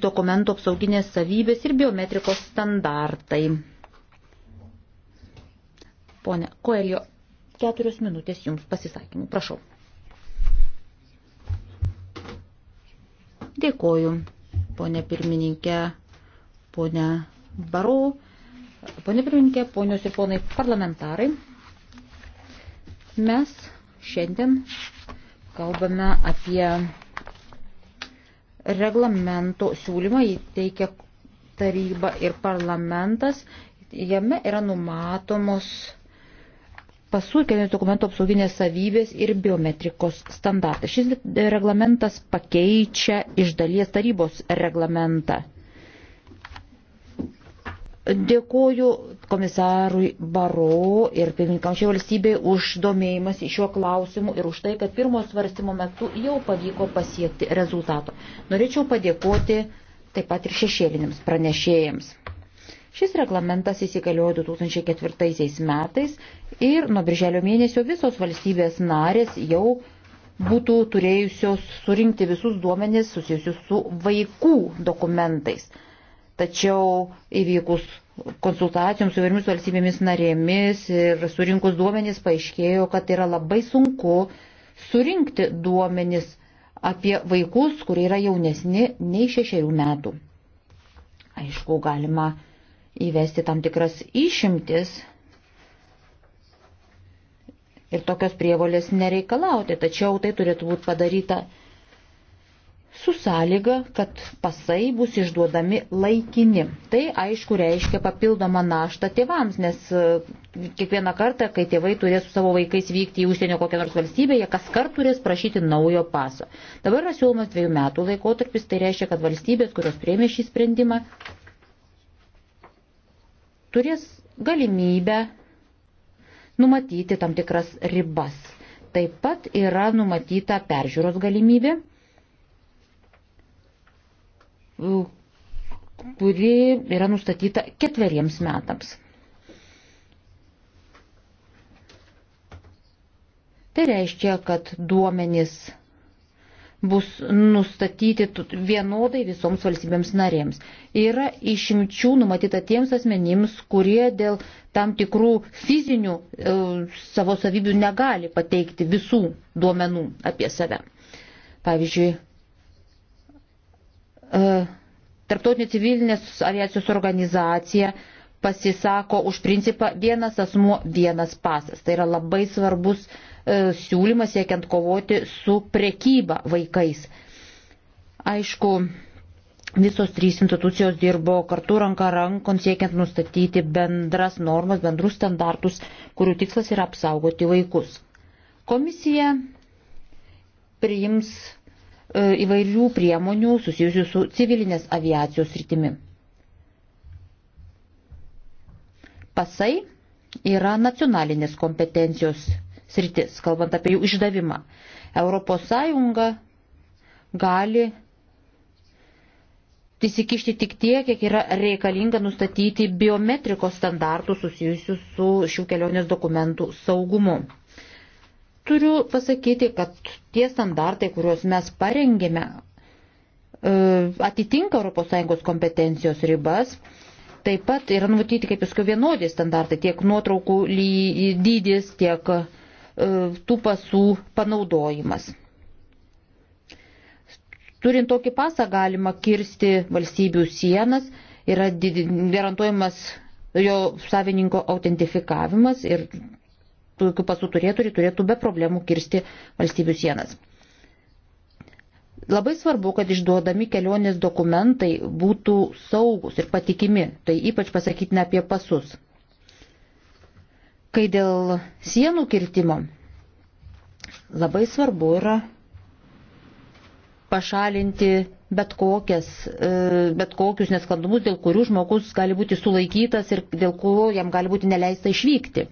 dokumento apsauginės savybės ir biometrikos standartai. Pone Koelio, keturios minutės jums pasisakymų. Prašau. Dėkoju, ponė pirmininkė, ponė Barau, ponė pirmininkė, ponios ir ponai parlamentarai. Mes šiandien kalbame apie reglamento siūlymą įteikia taryba ir parlamentas. Jame yra numatomos pasų ir kelionių dokumentų apsauginės savybės ir biometrikos standartai. Šis reglamentas pakeičia iš dalies tarybos reglamentą. Dėkuoju komisarui Baro ir pirmininkamčiai valstybei už domėjimas šiuo klausimu ir už tai, kad pirmo svarstymo metu jau pavyko pasiekti rezultato. Norėčiau padėkoti taip pat ir šešėlinėms pranešėjams. Šis reglamentas įsigaliojo 2004 metais ir nuo birželio mėnesio visos valstybės narės jau būtų turėjusios surinkti visus duomenis susijusius su vaikų dokumentais. Tačiau įvykus konsultacijoms su įvairiomis valstybėmis narėmis ir surinkus duomenys paaiškėjo, kad yra labai sunku surinkti duomenys apie vaikus, kurie yra jaunesni nei šešerių metų. Aišku, galima įvesti tam tikras išimtis ir tokios prievolės nereikalauti, tačiau tai turėtų būti padaryta su sąlyga, kad pasai bus išduodami laikini. Tai aišku reiškia papildomą naštą tėvams, nes e, kiekvieną kartą, kai tėvai turės su savo vaikais vykti į užsienio kokią nors valstybę, jie kas kart turės prašyti naujo paso. Dabar yra siūlomas dviejų metų laikotarpis, tai reiškia, kad valstybės, kurios priemė šį sprendimą, turės galimybę numatyti tam tikras ribas. Taip pat yra numatyta peržiūros galimybė kuri yra nustatyta ketveriems metams. Tai reiškia, kad duomenys bus nustatyti vienodai visoms valstybėms narėms. Yra išimčių numatyta tiems asmenims, kurie dėl tam tikrų fizinių e, savo savybių negali pateikti visų duomenų apie save. Pavyzdžiui, E, Tarptautinė civilinės aviacijos organizacija pasisako už principą vienas asmuo, vienas pasas. Tai yra labai svarbus e, siūlymas siekiant kovoti su prekyba vaikais. Aišku, visos trys institucijos dirbo kartu ranka rankon siekiant nustatyti bendras normas, bendrus standartus, kurių tikslas yra apsaugoti vaikus. Komisija priims E, įvairių priemonių susijusių su civilinės aviacijos rytimi. Pasai yra nacionalinės kompetencijos sritis, kalbant apie jų išdavimą. ES gali įsikišti tik tiek, kiek yra reikalinga nustatyti biometrikos standartų susijusių su šių kelionės dokumentų saugumu turiu pasakyti, kad tie standartai, kuriuos mes parengėme, e, atitinka ES kompetencijos ribas. Taip pat yra numatyti, kaip jūs vienodi standartai, tiek nuotraukų dydis, tiek e, tų pasų panaudojimas. Turint tokį pasą galima kirsti valstybių sienas, yra garantuojamas jo savininko autentifikavimas ir tokių pasų turėtų ir turėtų be problemų kirsti valstybių sienas. Labai svarbu, kad išduodami kelionės dokumentai būtų saugus ir patikimi, tai ypač pasakytina apie pasus. Kai dėl sienų kirtimo labai svarbu yra pašalinti bet, kokias, e, bet kokius nesklandumus, dėl kurių žmogus gali būti sulaikytas ir dėl kurio jam gali būti neleista išvykti.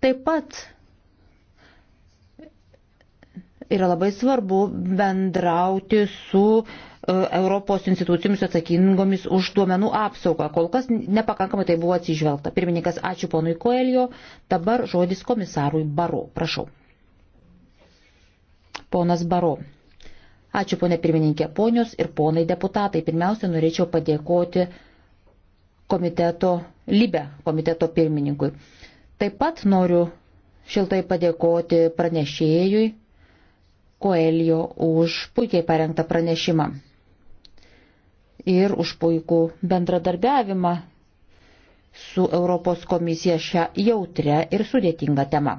Taip pat yra labai svarbu bendrauti su e, Europos institucijomis atsakingomis už duomenų apsaugą. Kol kas nepakankamai tai buvo atsižvelgta. Pirmininkas, ačiū ponui Koelio. Dabar žodis komisarui Baro. Prašau. Ponas Baro. Ačiū ponė pirmininkė, ponios ir ponai deputatai. Pirmiausia, norėčiau padėkoti komiteto, Libe komiteto pirmininkui. Taip pat noriu šiltai padėkoti pranešėjui Koelio už puikiai parengtą pranešimą ir už puikų bendradarbiavimą su Europos komisija šią jautrę ir sudėtingą temą.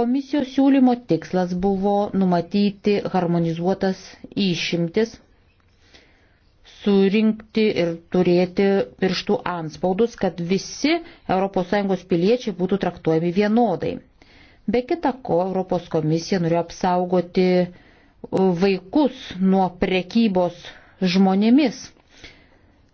Komisijos siūlymo tikslas buvo numatyti harmonizuotas išimtis surinkti ir turėti pirštų anspaudus, kad visi ES piliečiai būtų traktuojami vienodai. Be kita ko, Europos komisija norėjo apsaugoti uh, vaikus nuo prekybos žmonėmis.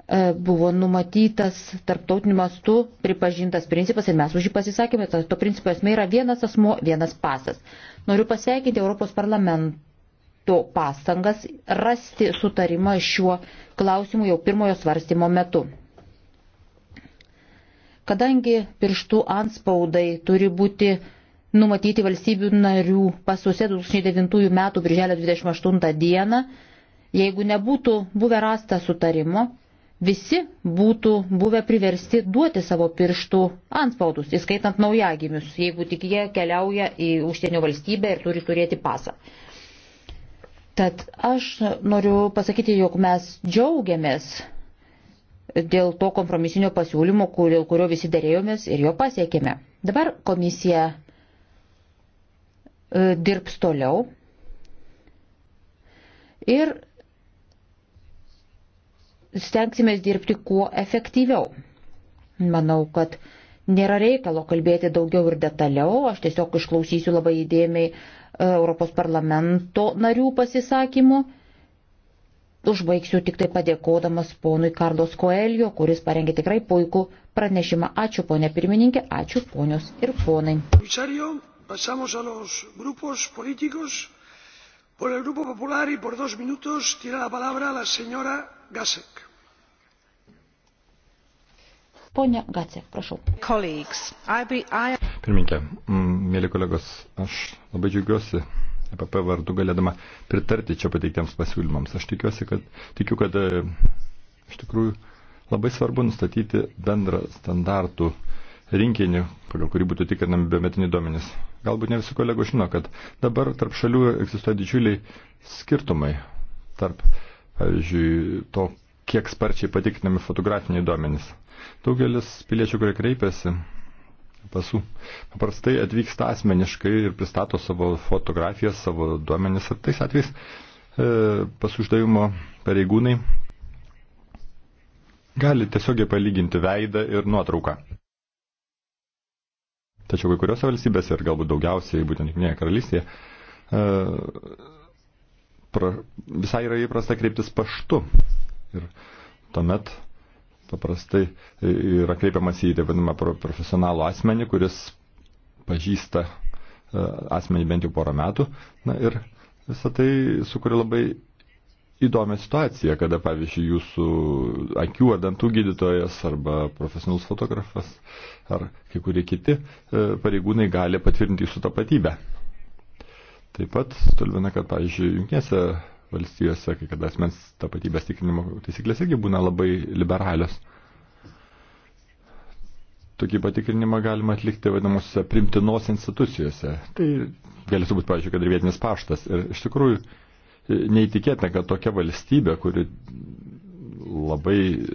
Uh, buvo numatytas tarptautiniu mastu pripažintas principas ir mes už jį pasisakėme, to principo esmė yra vienas asmo, vienas pasas. Noriu pasveikinti Europos parlamentą kartu pastangas rasti sutarimą šiuo klausimu jau pirmojo svarstymo metu. Kadangi pirštų anspaudai turi būti numatyti valstybių narių pasuose 2009 m. birželio 28 d. jeigu nebūtų buvę rasta sutarimo, visi būtų buvę priversti duoti savo pirštų anspaudus, įskaitant naujagimius, jeigu tik jie keliauja į užsienio valstybę ir turi turėti pasą. Tad aš noriu pasakyti, jog mes džiaugiamės dėl to kompromisinio pasiūlymo, dėl kurio visi dėrėjomės ir jo pasiekėme. Dabar komisija e, dirbs toliau ir stengsimės dirbti kuo efektyviau. Manau, kad uh, Nėra reikalo kalbėti daugiau ir detaliau, aš tiesiog išklausysiu labai įdėmiai e, Europos parlamento narių pasisakymų. Užbaigsiu tik tai padėkodamas ponui Karlos Koelio, kuris parengė tikrai puikų pranešimą. Ačiū ponė pirmininkė, ačiū ponios ir ponai. Por el Grupo Popular y por dos minutos tiene la palabra la señora Gasek. Pone Gacė, prašau. Pirminkė, mėly kolegos, aš labai džiaugiuosi EPP vardu galėdama pritarti čia pateiktiems pasiūlymams. Aš tikiuosi, kad, tikiu, kad e, iš tikrųjų labai svarbu nustatyti bendrą standartų rinkinį, pagal kurį būtų tikrinami biometiniai duomenys. Galbūt ne visi kolegų žino, kad dabar tarp šalių egzistuoja didžiuliai skirtumai tarp, pavyzdžiui, to, kiek sparčiai patikrinami fotografiniai duomenys. Daugelis piliečių, kurie kreipiasi pasų, paprastai atvyksta asmeniškai ir pristato savo fotografijas, savo duomenis ir tais atvejais e, pasuždavimo pareigūnai gali tiesiogiai palyginti veidą ir nuotrauką. Tačiau kai kuriuose valstybėse ir galbūt daugiausiai, būtent Junktinėje karalystėje, e, pra, visai yra įprasta kreiptis paštu. Ir tuomet paprastai yra kreipiamas į, taip vadinamą, profesionalų asmenį, kuris pažįsta e, asmenį bent jau porą metų. Na ir visą tai sukuria labai įdomią situaciją, kada, pavyzdžiui, jūsų akių ar dantų gydytojas arba profesionalus fotografas ar kai kurie kiti e, pareigūnai gali patvirtinti jūsų tapatybę. Taip pat stulbina, kad, pavyzdžiui, jungtinėse valstijose, kai kada asmens tapatybės tikrinimo taisyklės irgi būna labai liberalios. Tokį patikrinimą galima atlikti vadinamosiose primtinos institucijose. Tai galėtų būti, pavyzdžiui, kad ir vietinis paštas. Ir iš tikrųjų neįtikėtina, kad tokia valstybė, kuri labai e,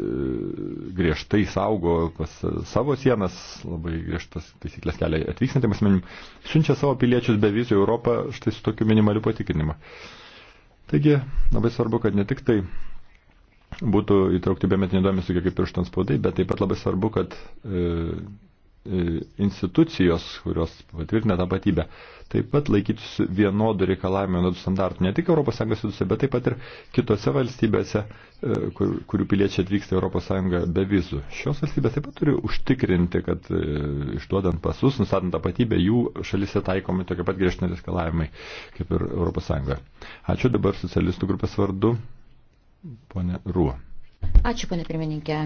griežtai saugo pas e, savo sienas, labai griežtas taisyklės kelia atvykstantiems asmenim, siunčia savo piliečius be vizijų Europą štai su tokiu minimaliu patikrinimu. Uh, Taigi labai svarbu, kad ne tik tai būtų įtraukti biometriniai duomenys, tokie kaip pirštų antspaudai, bet taip pat labai svarbu, kad e, E, institucijos, kurios patvirtina tapatybę, taip pat laikytųsi vienodų reikalavimų, vienodų standartų ne tik ES vidusio, bet taip pat ir kitose valstybėse, e, kur, kurių piliečiai atvyksta ES be vizų. Šios valstybės taip pat turi užtikrinti, kad e, išduodant pasus, nustatant tapatybę, jų šalise taikomi tokie pat griežtini reikalavimai kaip ir ES. Ačiū dabar socialistų grupės vardu, ponė Ruo. Ačiū, ponė pirmininkė.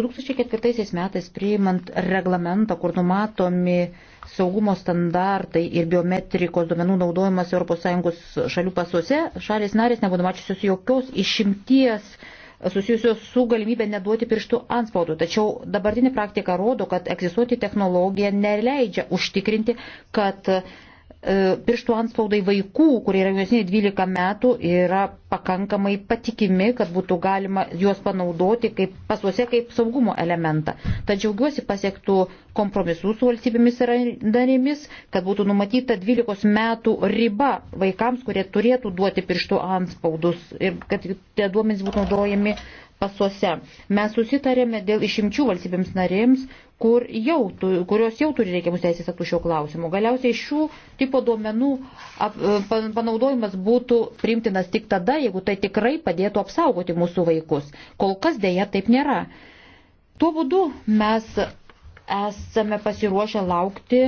2004 metais priimant reglamentą, kur numatomi saugumo standartai ir biometrikos duomenų naudojimas ES šalių pasuose, šalis narės nebūtų mačiusios jokios išimties susijusios su galimybė neduoti pirštų anspaudų. Tačiau dabartinė praktika rodo, kad egzistuoti technologija neleidžia užtikrinti, kad uh, E, pirštų anspaudai vaikų, kurie yra jaunesni 12 metų, yra pakankamai patikimi, kad būtų galima juos panaudoti kaip pasuose kaip saugumo elementą. Tad džiaugiuosi pasiektų kompromisų su valstybėmis ir narėmis, kad būtų numatyta 12 metų riba vaikams, kurie turėtų duoti pirštų anspaudus ir kad tie duomenys būtų naudojami pasuose. Mes susitarėme dėl išimčių valstybėms narėms, kur jau, kurios jau turi reikiamus teisės aktų šio klausimu. Galiausiai šių tipo duomenų ap, e, panaudojimas būtų primtinas tik tada, jeigu tai tikrai padėtų apsaugoti mūsų vaikus. Kol kas dėja taip nėra. Tuo būdu mes esame pasiruošę laukti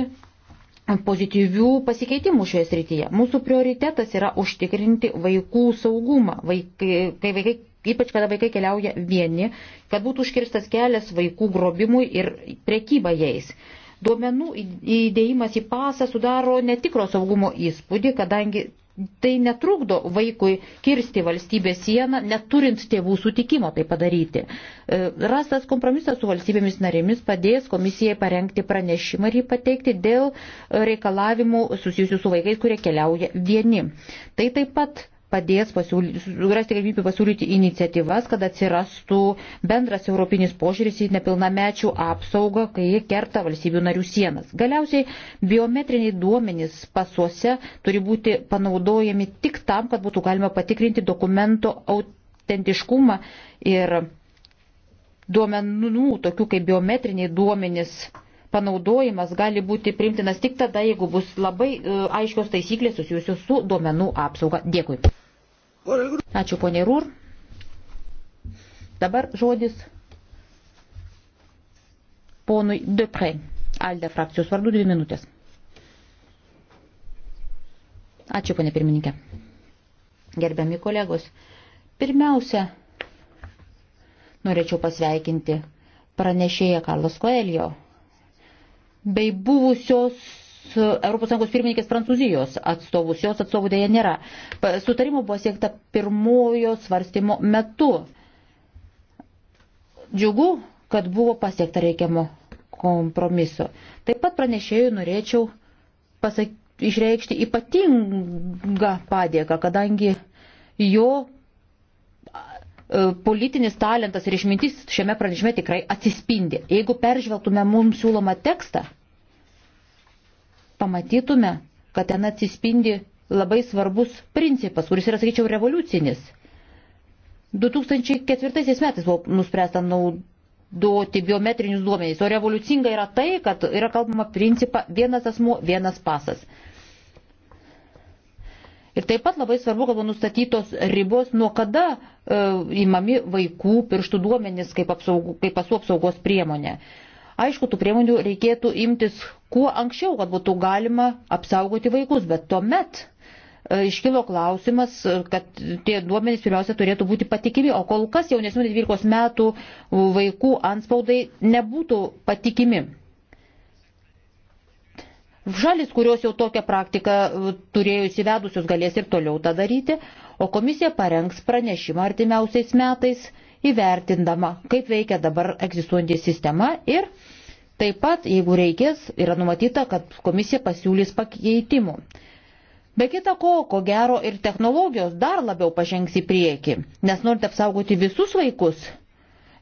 pozityvių pasikeitimų šioje srityje. Mūsų prioritetas yra užtikrinti vaikų saugumą, vaikai, kai vaikai ypač kada vaikai keliauja vieni, kad būtų užkirstas kelias vaikų grobimui ir prekyba jais. Duomenų įdėjimas į pasą sudaro netikro saugumo įspūdį, kadangi tai netrukdo vaikui kirsti valstybės sieną, neturint tėvų sutikimo tai padaryti. E, rastas kompromisas su valstybėmis narėmis padės komisijai parengti pranešimą ir jį pateikti dėl reikalavimų susijusių su vaikais, kurie keliauja vieni. Tai taip pat padės rasti galimybių pasiūlyti iniciatyvas, kad atsirastų bendras europinis požiūris į nepilnamečių apsaugą, kai jie kerta valstybių narių sienas. Galiausiai biometriniai duomenys pasuose turi būti panaudojami tik tam, kad būtų galima patikrinti dokumento autentiškumą ir duomenų, tokių kaip biometriniai duomenys panaudojimas gali būti priimtinas tik tada, jeigu bus labai e, aiškios taisyklės susijusios su duomenų apsauga. Dėkui. Ačiū, ponė Rūr. Dabar žodis ponui Depre. Alde frakcijos vardu dvi minutės. Ačiū, ponė pirmininkė. Gerbiami kolegos, pirmiausia, norėčiau pasveikinti pranešėją Karlos Koelio bei buvusios ES pirmininkės Prancūzijos atstovus, jos atstovų dėja nėra. Sutarimo buvo siekta pirmojo svarstymo metu. Džiugu, kad buvo pasiekta reikiamo kompromiso. Taip pat pranešėjų norėčiau pasak... išreikšti ypatingą padėką, kadangi jo e, politinis talentas ir išmintis šiame pranešime tikrai atsispindi. Jeigu peržvelgtume mums siūlomą tekstą, pamatytume, kad ten atsispindi labai svarbus principas, kuris yra, sakyčiau, revoliucinis. 2004 metais buvo nuspręsta naudoti biometrinius duomenys, o revoliucinga yra tai, kad yra kalbama principą vienas asmuo, vienas pasas. Ir taip pat labai svarbu, kad buvo nustatytos ribos, nuo kada e, įmami vaikų pirštų duomenys kaip, apsaugų, kaip pasų apsaugos priemonė. Aišku, tų priemonių reikėtų imtis kuo anksčiau, kad būtų galima apsaugoti vaikus, bet tuomet e, iškilo klausimas, e, kad tie duomenys pirmiausia turėtų būti patikimi, o kol kas jaunesnių 12 metų vaikų anspaudai nebūtų patikimi. Šalis, kurios jau tokią praktiką e, turėjo įsivedusius, galės ir toliau tą daryti, o komisija parengs pranešimą artimiausiais metais įvertindama, kaip veikia dabar egzistuojanti sistema ir taip pat, jeigu reikės, yra numatyta, kad komisija pasiūlys pakeitimų. Be kita ko, ko gero ir technologijos dar labiau pažengs į priekį, nes norint apsaugoti visus vaikus,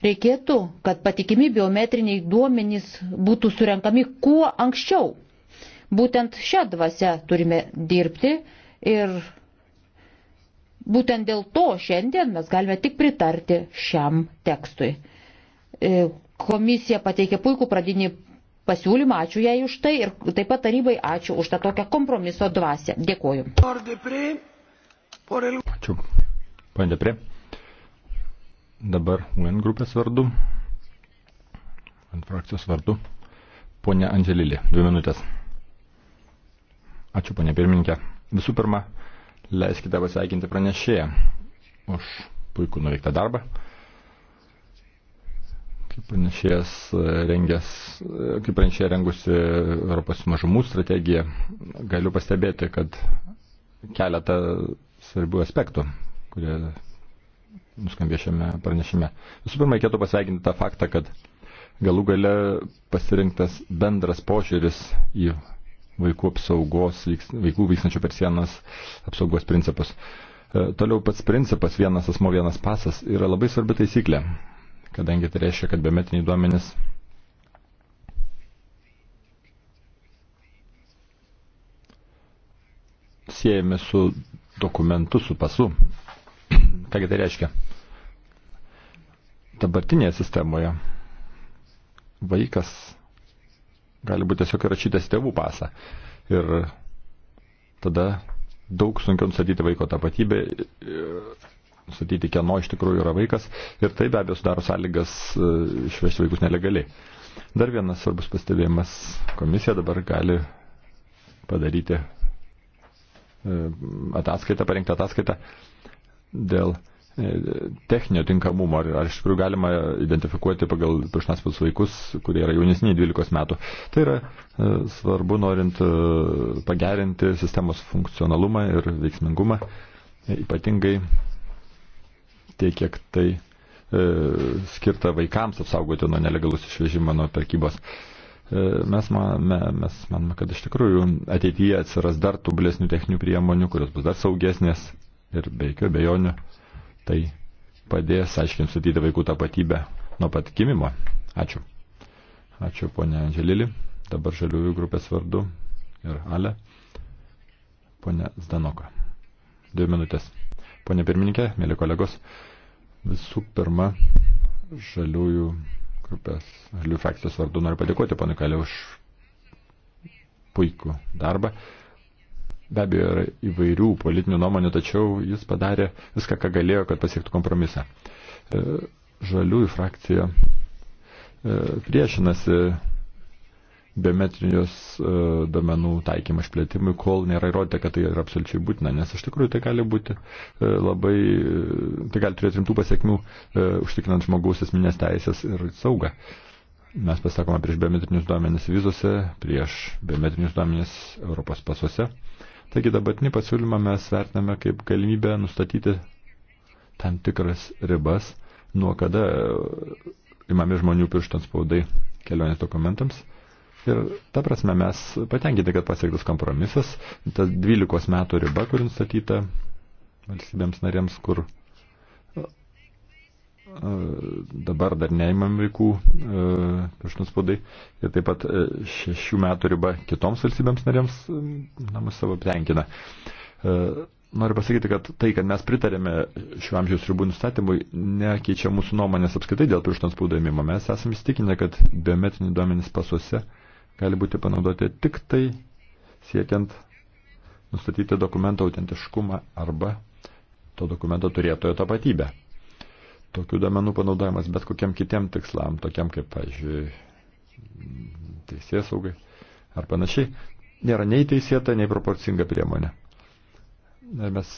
reikėtų, kad patikimi biometriniai duomenys būtų surenkami kuo anksčiau. Būtent šią dvasę turime dirbti ir Būtent dėl to šiandien mes galime tik pritarti šiam tekstui. E, komisija pateikė puikų pradinį pasiūlymą, ačiū jai už tai ir taip pat tarybai ačiū už tą tokią kompromiso dvasę. Dėkuoju. Ačiū. Pane Depre. Dabar UN grupės vardu, ant frakcijos vardu, ponia Andželilė, dvi minutės. Ačiū, ponia pirmininkė. Visų pirma, Leiskite pasveikinti pranešėją už puikų nuveiktą darbą. Kaip pranešėjas e, rengęs, e, kaip pranešėja rengusi Europos mažumų strategiją, galiu pastebėti, kad keletą svarbių aspektų, kurie nuskambė šiame pranešime. Visų pirma, reikėtų pasveikinti tą faktą, kad galų gale pasirinktas bendras požiūris į vaikų apsaugos, vaikų vykstančių per sienas apsaugos principus. E, toliau pats principas vienas asmo vienas pasas yra labai svarbi taisyklė, kadangi tai reiškia, kad biometriniai duomenys siejami su dokumentu, su pasu. Kągi tai reiškia? Dabartinėje sistemoje vaikas gali būti tiesiog įrašytas tėvų pasą. Ir tada daug sunkiau nustatyti vaiko tapatybę, nustatyti, kieno iš tikrųjų yra vaikas ir tai be abejo sudaro sąlygas e, išvežti vaikus nelegaliai. Dar vienas svarbus pastebėjimas. Komisija dabar gali padaryti e, ataskaitą, parengti ataskaitą dėl techninio tinkamumo, ar, ar iš tikrųjų galima identifikuoti pagal piršnaspilus vaikus, kurie yra jaunesni 12 metų. Tai yra e, svarbu norint e, pagerinti sistemos funkcionalumą ir veiksmingumą, e, ypatingai tiek, kiek tai e, skirta vaikams apsaugoti nuo nelegalus išvežimo, nuo perkybos. E, mes manome, mes manome, kad iš tikrųjų ateityje atsiras dar tobulesnių techninių priemonių, kurios bus dar saugesnės ir be jokių abejonių. Tai padės, aiškiai, nustatyti vaikų tapatybę nuo pat gimimo. Ačiū. Ačiū, ponė Andželili. Dabar žaliųjų grupės vardu ir Ale. Pone Zdanoka. Dvi minutės. Pone pirmininkė, mėly kolegos, visų pirma, žaliųjų grupės, žaliųjų frakcijos vardu noriu padėkoti ponui Kalė už puikų darbą. Be abejo, yra įvairių politinių nuomonių, tačiau jis padarė viską, ką galėjo, kad pasiektų kompromisą. E, žaliųjų frakcija e, priešinasi biometrijos e, domenų taikymą išplėtimui, kol nėra įrodyta, kad tai yra absoliučiai būtina, nes iš tikrųjų tai gali būti labai, tai gali turėti rimtų pasiekmių užtikrinant žmogaus esminės teisės ir saugą. Mes pasakome prieš biometrinius duomenis vizose, prieš biometrinius duomenis Europos pasuose. Taigi dabartinį pasiūlymą mes vertiname kaip galimybę nustatyti tam tikras ribas, nuo kada e, imami žmonių pirštant spaudai kelionės dokumentams. Ir ta prasme mes patenkinti, kad pasiektas kompromisas, ta 12 metų riba, kuri nustatyta valstybėms narėms, kur dabar dar neimam vaikų e, pirštų spaudai ir taip pat e, šešių metų riba kitoms valstybėms narėms namus savo tenkina. E, noriu pasakyti, kad tai, kad mes pritarėme šiuo amžiaus ribų nustatymui, nekeičia mūsų nuomonės apskritai dėl pirštų spaudų ėmimo. Mes esame įstikinę, kad biometriniai duomenys pasuose gali būti panaudoti tik tai siekiant nustatyti dokumento autentiškumą arba to dokumento turėtojo tapatybę tokių domenų panaudojimas bet kokiam kitiem tikslam, tokiam kaip, pavyzdžiui, teisės saugai ar panašiai, nėra nei teisėta, nei proporcinga priemonė. Ir mes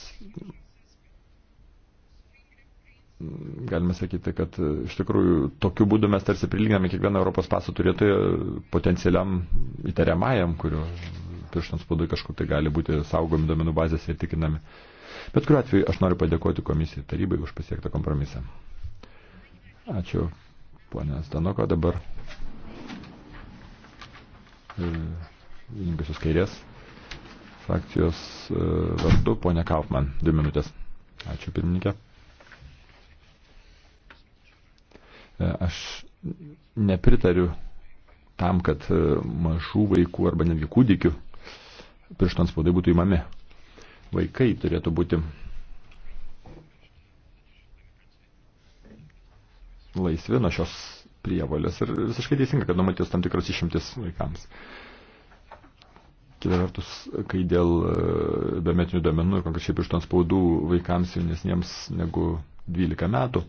galime sakyti, kad iš tikrųjų tokiu būdu mes tarsi prilyginame kiekvieną Europos pasą turėtoją potencialiam įtariamajam, kurio pirštams spaudai kažkur tai gali būti saugomi domenų bazės ir tikinami. Uh, Bet kuriuo atveju aš noriu padėkoti komisijai tarybai už pasiektą kompromisą. Ačiū, ponė Stanoko, dabar e, Vingusios kairės frakcijos e, vardu, ponė Kaufman, dvi minutės. Ačiū, pirmininkė. E, aš nepritariu tam, kad mažų vaikų arba netgi kūdikių pirštų antspaudai būtų įmami vaikai turėtų būti laisvi nuo šios prievalės. Ir visiškai teisinga, kad numatytos tam tikros išimtis vaikams. Kita vertus, kai dėl e, biometrinių domenų ir konkrečiai iš spaudų vaikams jaunesniems negu 12 metų,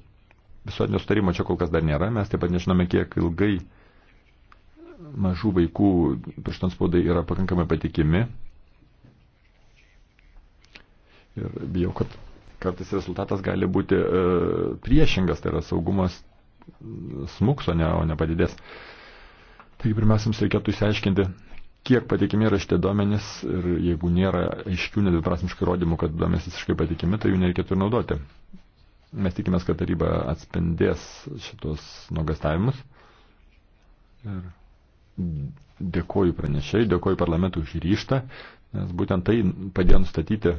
visuotinio sutarimo čia kol kas dar nėra, mes taip pat nežinome, kiek ilgai mažų vaikų pirštant spaudai yra pakankamai patikimi Ir bijau, kad kartais rezultatas gali būti e, priešingas, tai yra saugumas smuks, o ne, o ne padidės. Taigi pirmiausia, jums reikėtų įsiaiškinti, kiek patikimi yra šitie duomenys ir jeigu nėra aiškių nedviprasmiškų įrodymų, kad duomenys visiškai patikimi, tai jų nereikėtų ir naudoti. Mes tikimės, kad taryba atspindės šitos nuogastavimus. Ir dėkoju pranešiai, dėkoju parlamentui už ryštą, nes būtent tai padėjo nustatyti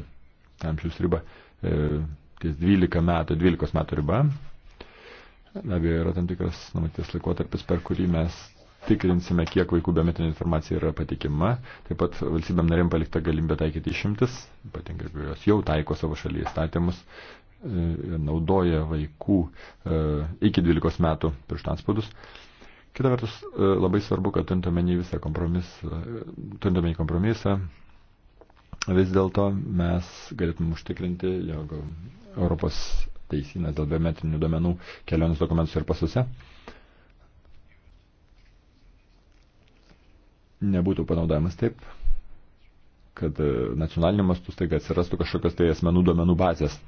amžiaus riba, e, ties 12 metų, 12 metų riba. Be abejo, yra tam tikras numatytas laikotarpis, per kurį mes tikrinsime, kiek vaikų biometrinė informacija yra patikima. Taip pat valstybėm narėm palikta galimybė taikyti išimtis, ypatingai, jeigu jos jau taiko savo šalyje įstatymus, e, naudoja vaikų e, iki 12 metų pirštanspaudus. Kita vertus, labai svarbu, kad turintuomenį visą kompromisą, turintuomenį kompromisą, vis dėlto mes galėtume užtikrinti, jog Europos teisynas dėl biometrinių duomenų kelionės dokumentus ir pasuose nebūtų panaudojamas taip, kad nacionaliniu mastu staiga atsirastų kažkokios tai asmenų duomenų bazės.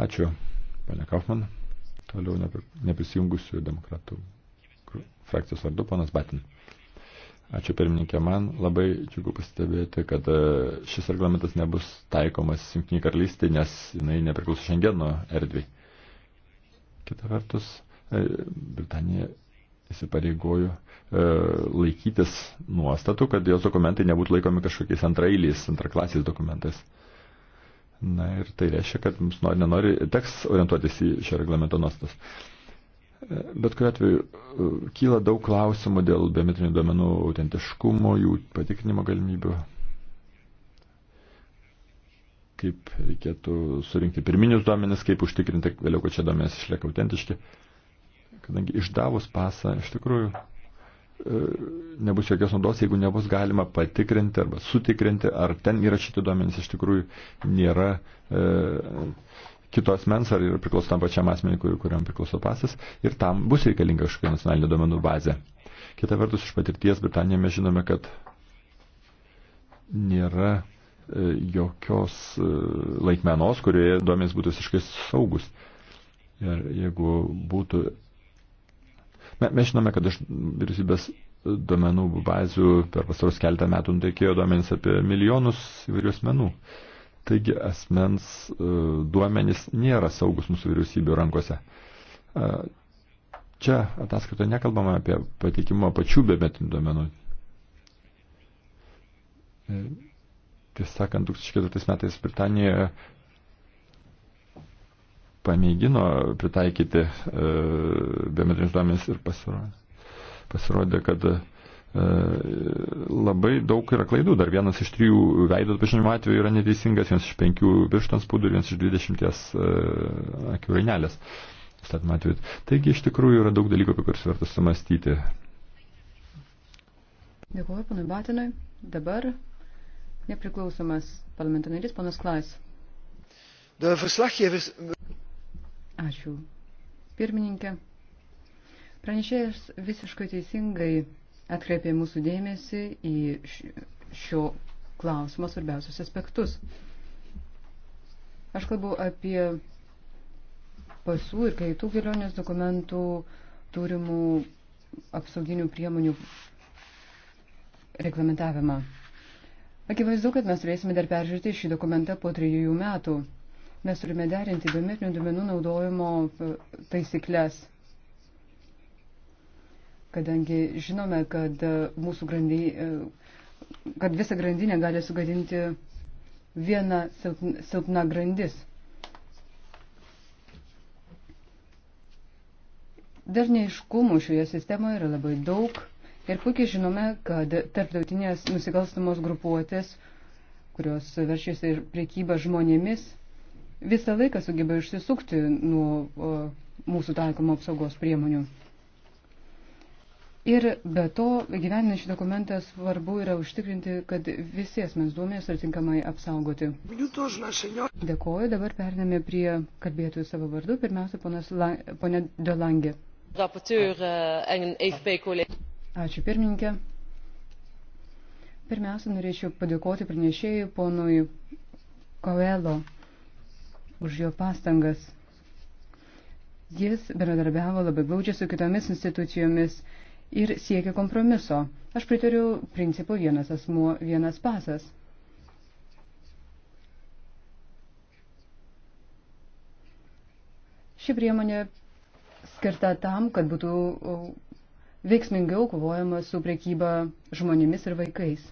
Ačiū, pane Kaufman. Toliau neprisijungusių demokratų frakcijos vardu, ponas Batin. Ačiū pirmininkė, man labai džiugu pastebėti, kad e, šis reglamentas nebus taikomas Junktinė karalystė, nes jinai nepriklauso šiandieno erdvį. Kita vertus, e, Britanija įsipareigojo e, laikytis nuostatų, kad jos dokumentai nebūtų laikomi kažkokiais antrailiais, antraklasiais dokumentais. Na ir tai reiškia, kad mums nori, nenori teks orientuotis į šio reglamento nuostatas. Bet kuriu atveju e, kyla daug klausimų dėl biometrinių duomenų autentiškumo, jų patikrinimo galimybių, kaip reikėtų surinkti pirminius duomenis, kaip užtikrinti vėliau, kad šie duomenys išlieka autentiški. Kadangi išdavus pasą, iš tikrųjų, e, nebus jokios naudos, jeigu nebus galima patikrinti arba sutikrinti, ar ten įrašyti duomenys iš tikrųjų nėra e, kito asmens ar yra priklauso tam pačiam asmeniui, kur, kuriam priklauso pasas ir tam bus reikalinga kažkokia nacionalinė duomenų bazė. Kita vertus, iš patirties Britanijoje mes žinome, kad nėra e, jokios e, laikmenos, kurioje duomenys būtų visiškai saugus. Ir jeigu būtų. Me, mes žinome, kad iš vyriausybės duomenų bazių per pastarus keletą metų nutekėjo duomenys apie milijonus įvairių asmenų. Uh, Taigi asmens e, duomenys nėra saugus mūsų vyriausybių rankose. E, čia ataskaitoje nekalbama apie pateikimą pačių biometrinių duomenų. E, tiesą sakant, 2004 metais Britanijoje pamėgino pritaikyti biometrinius duomenys ir pasirodė, pasirodė kad E, labai daug yra klaidų. Dar vienas iš trijų veido atpažinimo atveju yra neteisingas, vienas iš penkių pirštų spaudų ir vienas iš dvidešimties e, akių rainelės. Taigi iš tikrųjų yra daug dalykų, apie kuriuos verta sumastyti. Dėkuoju, panui Batinui. Dabar nepriklausomas parlamento narys, panas Klais. Ačiū. Pirmininkė. Pranešėjas visiškai teisingai atkreipė mūsų dėmesį į šio klausimo svarbiausius aspektus. Aš kalbu apie pasų ir kitų kelionės dokumentų turimų apsauginių priemonių reglamentavimą. Akivaizdu, kad mes turėsime dar peržiūrėti šį dokumentą po trijų metų. Mes turime derinti biometrinių duomenų naudojimo e, taisyklės kadangi žinome, kad e, mūsų grandy, e, kad visą grandinę gali sugadinti viena silpna, silpna grandis. Dar neiškumų šioje sistemoje yra labai daug ir puikiai žinome, kad tarptautinės nusikalstamos grupuotės, kurios veršiasi ir priekyba žmonėmis, visą laiką sugeba išsisukti nuo o, mūsų taikomo apsaugos priemonių. Ir be to, gyveninant šį dokumentą svarbu yra užtikrinti, kad visi asmens duomenys yra tinkamai apsaugoti. Dėkuoju, dabar pernėme prie kalbėtojų savo vardu. Pirmiausia, ponas La, ponė Delangė. Ačiū pirmininkė. Pirmiausia, norėčiau padėkoti pranešėjui ponui Koelo už jo pastangas. Jis bendradarbiavo labai glaudžiai su kitomis institucijomis ir siekia kompromiso. Aš pritariu principu vienas asmuo, vienas pasas. Ši priemonė skirta tam, kad būtų veiksmingiau kovojama su priekyba žmonėmis ir vaikais.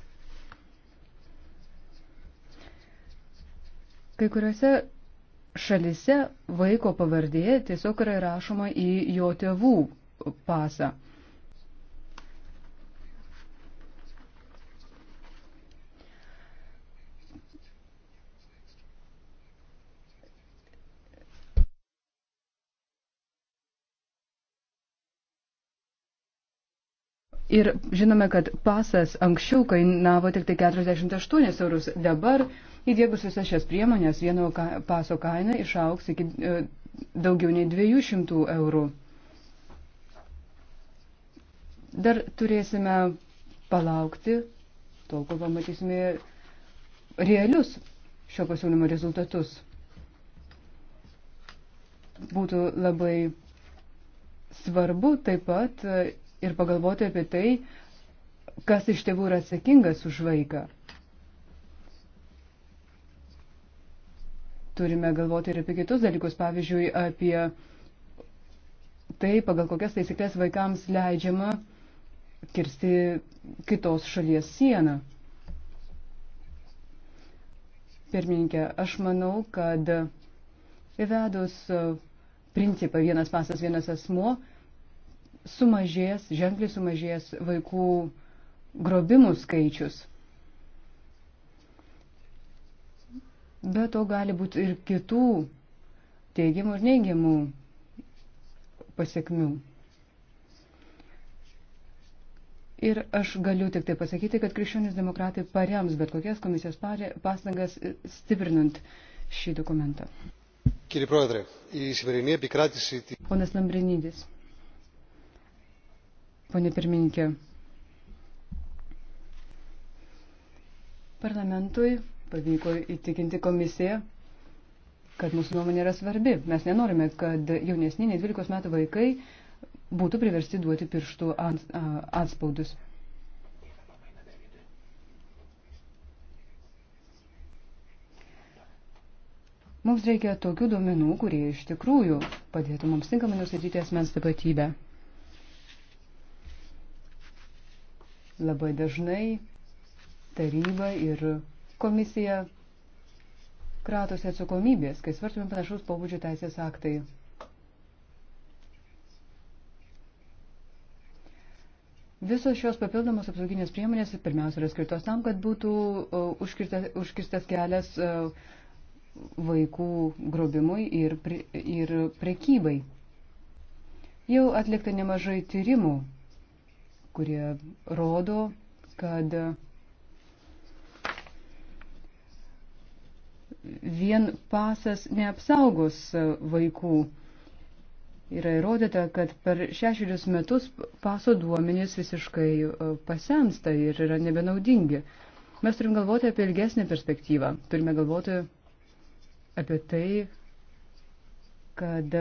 Kai kuriuose šalise vaiko pavardė tiesiog yra rašoma į jo tėvų pasą. Ir žinome, kad pasas anksčiau kainavo tik tai 48 eurus, dabar įdėgus visas šias priemonės vieno paso kaina išauks iki e, daugiau nei 200 eurų. Dar turėsime palaukti, tol kol pamatysime realius šio pasiūlymo rezultatus. Būtų labai svarbu taip pat ir pagalvoti apie tai, kas iš tėvų yra atsakingas už vaiką. Turime galvoti ir apie kitus dalykus, pavyzdžiui, apie tai, pagal kokias taisyklės vaikams leidžiama kirsti kitos šalies sieną. Pirmininkė, aš manau, kad įvedus principą vienas pasas vienas asmuo, sumažės, ženkliai sumažės vaikų grobimų skaičius. Be to gali būti ir kitų teigiamų ir neigiamų pasiekmių. Ir aš galiu tik tai pasakyti, kad krikščionis demokratai parems bet kokias komisijos pastangas stiprinant šį dokumentą. Ponas Lambrinydis ponė pirmininkė. Parlamentui pavyko įtikinti komisiją, kad mūsų nuomonė yra svarbi. Mes nenorime, kad jaunesniniai 12 metų vaikai būtų priversti duoti pirštų atspaudus. Mums reikia tokių duomenų, kurie iš tikrųjų padėtų mums tinkamai nustatyti asmens tapatybę. Labai dažnai taryba ir komisija kratosi atsakomybės, kai svartume panašaus pobūdžio teisės aktai. Visos šios papildomos apsauginės priemonės pirmiausia yra skirtos tam, kad būtų užkirtas, uh, užkirtas kelias uh, vaikų grobimui ir, ir prekybai. Jau atlikta nemažai tyrimų kurie rodo, kad vien pasas neapsaugos vaikų. Yra įrodyta, kad per šešerius metus paso duomenys visiškai e, pasensta ir yra nebenaudingi. Mes turim galvoti apie ilgesnį perspektyvą. Turime galvoti apie tai, kad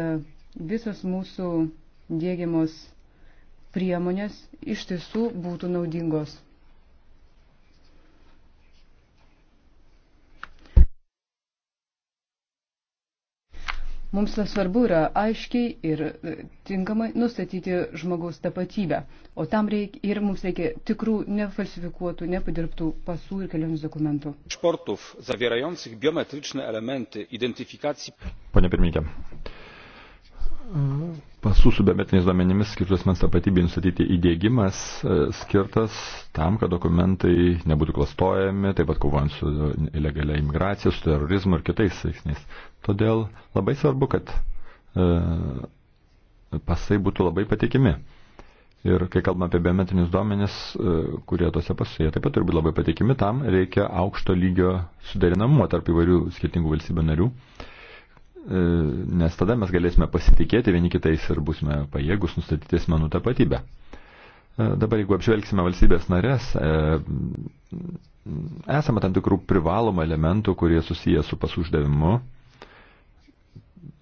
visos mūsų dėgiamos priemonės iš tiesų būtų naudingos. Mums svarbu yra aiškiai ir e, tinkamai nustatyti žmogaus tapatybę, o tam reikia ir mums reikia tikrų, nefalsifikuotų, nepadirbtų pasų ir kelionės dokumentų. Športów zawierających biometryczne elementy identyfikacji. Pone pirmininkė, pasų su biometriniais duomenimis skirtus mens tapatybei nustatyti įdėgymas e, skirtas tam, kad dokumentai nebūtų klastojami, taip pat kovojant su ilegalia imigracija, su terorizmu ir kitais veiksniais. Todėl labai svarbu, kad e, pasai būtų labai patikimi. Ir kai kalbame apie biometrinius duomenis, e, kurie tose pasuose taip pat turi būti labai patikimi, tam reikia aukšto lygio suderinamumo tarp įvairių skirtingų valstybių narių. E, E, nes tada mes galėsime pasitikėti vieni kitais ir būsime pajėgus nustatyti asmenų tapatybę. E, dabar jeigu apžvelgsime valstybės narės, e, esame tam tikrų privalomų elementų, kurie susiję su pasuždavimu.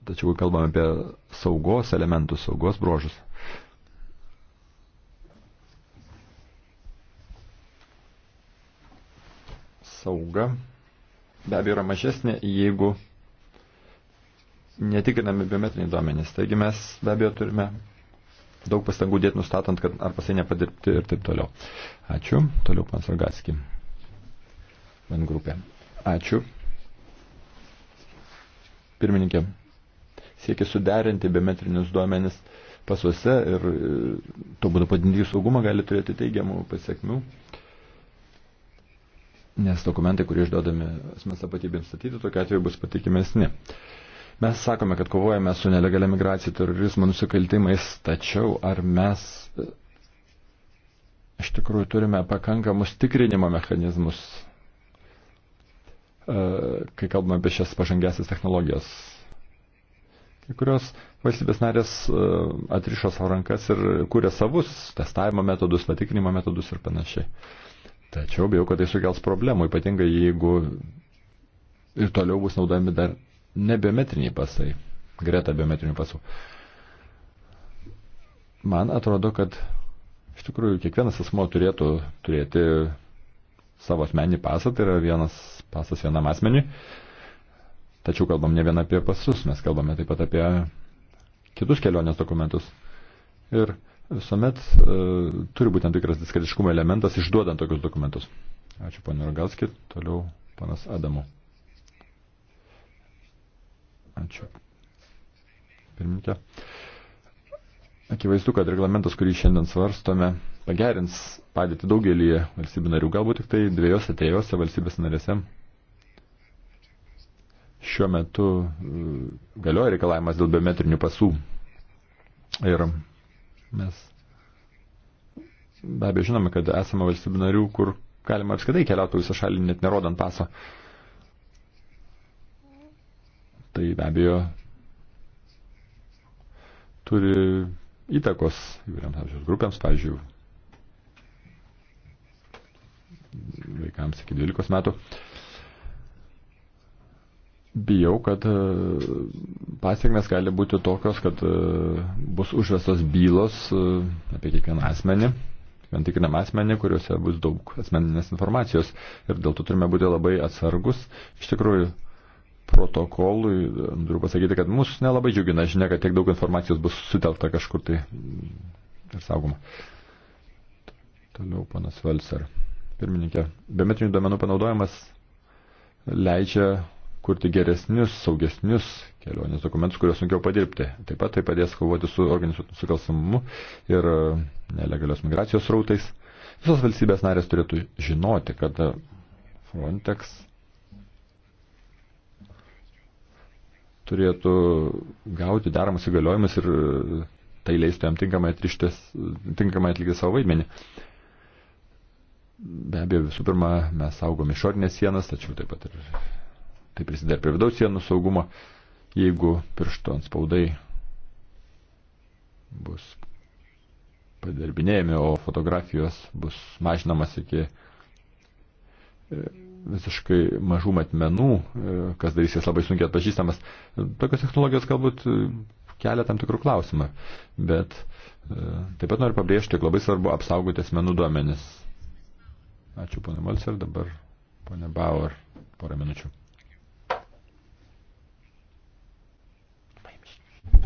Tačiau kalbame apie saugos elementus, saugos brožus. Sauga be abejo yra mažesnė, jeigu netikrinami biometriniai duomenys. Taigi mes be abejo turime daug pastangų dėti nustatant, kad ar pasai nepadirbti ir taip toliau. Ačiū. Toliau pan Sargatski. Man grupė. Ačiū. Pirmininkė. Siekia suderinti biometrinius duomenis pasuose ir e, to būdu padinti jų saugumą gali turėti teigiamų pasiekmių. Nes dokumentai, kurie išduodami asmens tapatybėms statyti, tokiu atveju bus patikimesni. Uh, Mes sakome, kad kovojame su nelegalia migracija, terorizmo nusikaltimais, tačiau ar mes e, iš tikrųjų turime pakankamus tikrinimo mechanizmus, e, kai kalbame apie šias pažangesias technologijas. Kai kurios valstybės narės e, atrišo savo rankas ir kūrė savus testavimo metodus, patikrinimo metodus ir panašiai. Tačiau bijau, kad tai sukels problemų, ypatingai jeigu ir toliau bus naudojami dar nebiometriniai pasai, greta biometrinių pasų. Man atrodo, kad iš tikrųjų kiekvienas asmo turėtų turėti savo asmenį pasą, tai yra vienas pasas vienam asmeniui. Tačiau kalbam ne vien apie pasus, mes kalbame taip pat apie kitus kelionės dokumentus. Ir visuomet e, turi būti tam tikras diskretiškumo elementas išduodant tokius dokumentus. Ačiū, ponė Rogalskit. Toliau panas Adamu. Ačiū. Pirminkė. Akivaizdu, kad reglamentas, kurį šiandien svarstome, pagerins padėti daugelį valstybių narių, galbūt tik tai dviejose, trejose valstybės narėse. Šiuo metu uh, galioja reikalavimas dėl biometrinių pasų. Ir mes be abejo žinome, kad esame valstybių narių, kur galima apskaitai keliauti visą šalį, net nerodant paso. Uh, tai be abejo turi įtakos įvairiams amžiaus grupėms, pavyzdžiui, vaikams iki 12 metų. Bijau, kad e, pasiekmes gali būti tokios, kad e, bus užvestos bylos e, apie kiekvieną asmenį, vien tikrinam asmenį, kuriuose bus daug asmeninės informacijos ir dėl to turime būti labai atsargus. Iš tikrųjų, protokolui, turiu pasakyti, kad mus nelabai džiugina žinia, kad tiek daug informacijos bus sutelkta kažkur tai ir saugoma. Toliau panas Velser. Pirmininkė, biometrinių duomenų panaudojimas leidžia kurti geresnius, saugesnius kelionės dokumentus, kuriuos sunkiau padirbti. Taip pat tai padės kovoti su organizuotų sukalsamumu ir nelegalios migracijos rautais. Visos valstybės narės turėtų žinoti, kad Frontex turėtų gauti deramus įgaliojimus ir e, tai leistų jam tinkamai, atrištės, tinkamai atlikti savo vaidmenį. Be abejo, visų pirma, mes saugom išorinės sienas, tačiau taip pat ir tai prisideda prie vidaus sienų saugumo, jeigu piršto ant spaudai bus padirbinėjami, o fotografijos bus mažinamas iki e, visiškai mažų matmenų, e, kas darys jas labai sunkiai atpažįstamas. Tokios technologijos galbūt e, kelia tam tikrų klausimą, bet e, taip pat noriu pabrėžti, jog labai svarbu apsaugoti asmenų duomenis. Ačiū ponė Molcer, dabar ponė Bauer, porą minučių.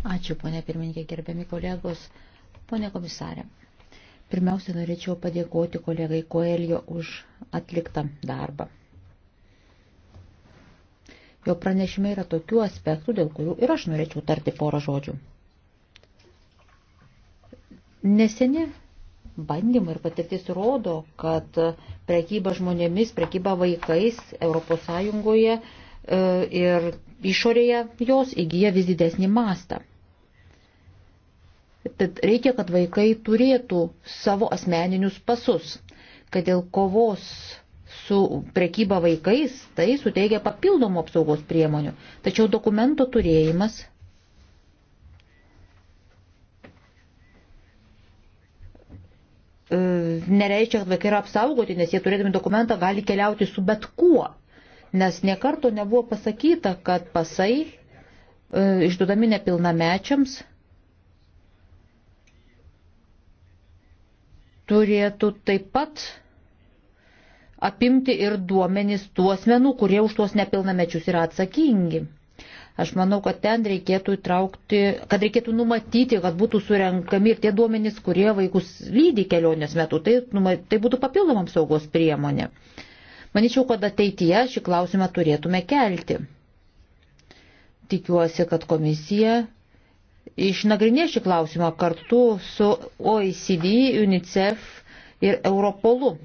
Ačiū, ponė pirmininkė, gerbiami kolegos, ponė komisarė. Pirmiausia, norėčiau padėkoti kolegai Koelio už atliktą darbą jo pranešime yra tokių aspektų, dėl kurių ir aš norėčiau tarti porą žodžių. Neseni bandymai ir patirtis rodo, kad prekyba žmonėmis, prekyba vaikais Europos Sąjungoje e, ir išorėje jos įgyja vis didesnį mastą. Tad reikia, kad vaikai turėtų savo asmeninius pasus, kad dėl kovos su prekyba vaikais, tai suteikia papildomų apsaugos priemonių. Tačiau dokumento turėjimas e, nereiškia, kad vaikai yra apsaugoti, nes jie turėdami dokumentą gali keliauti su bet kuo. Nes niekarto nebuvo pasakyta, kad pasai e, išduodami nepilnamečiams turėtų taip pat apimti ir duomenys tų asmenų, kurie už tuos nepilnamečius yra atsakingi. Aš manau, kad ten reikėtų įtraukti, kad reikėtų numatyti, kad būtų surenkami ir tie duomenys, kurie vaikus lydi kelionės metu. Tai, tai būtų papildomam saugos priemonė. Maničiau, kad ateityje šį klausimą turėtume kelti. Tikiuosi, kad komisija išnagrinė šį klausimą kartu su OECD, UNICEF ir Europolu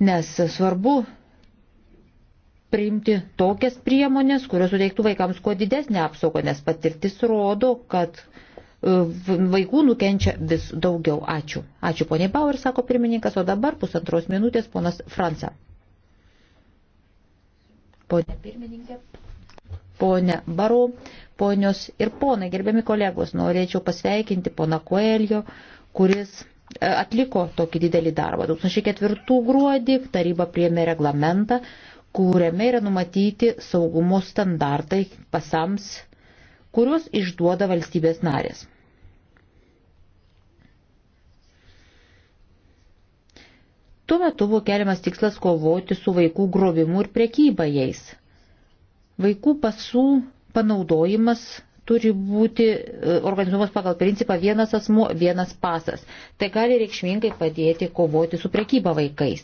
nes svarbu priimti tokias priemonės, kurios suteiktų vaikams kuo didesnį apsaugą, nes patirtis rodo, kad e, vaikų nukenčia vis daugiau. Ačiū. Ačiū poniai Bauer, sako pirmininkas, o dabar pusantros minutės ponas Franca. Pone pirmininkė. Pone Baro, ponios ir ponai, gerbiami kolegos, norėčiau pasveikinti pona Koelio, kuris atliko tokį didelį darbą. 2004 gruodį taryba priemė reglamentą, kuriame yra numatyti saugumo standartai pasams, kuriuos išduoda valstybės narės. Tuo metu buvo keliamas tikslas kovoti su vaikų grobimu ir priekyba jais. Vaikų pasų panaudojimas turi būti e, organizuomas pagal principą vienas asmo, vienas pasas. Tai gali reikšmingai padėti kovoti su prekyba vaikais.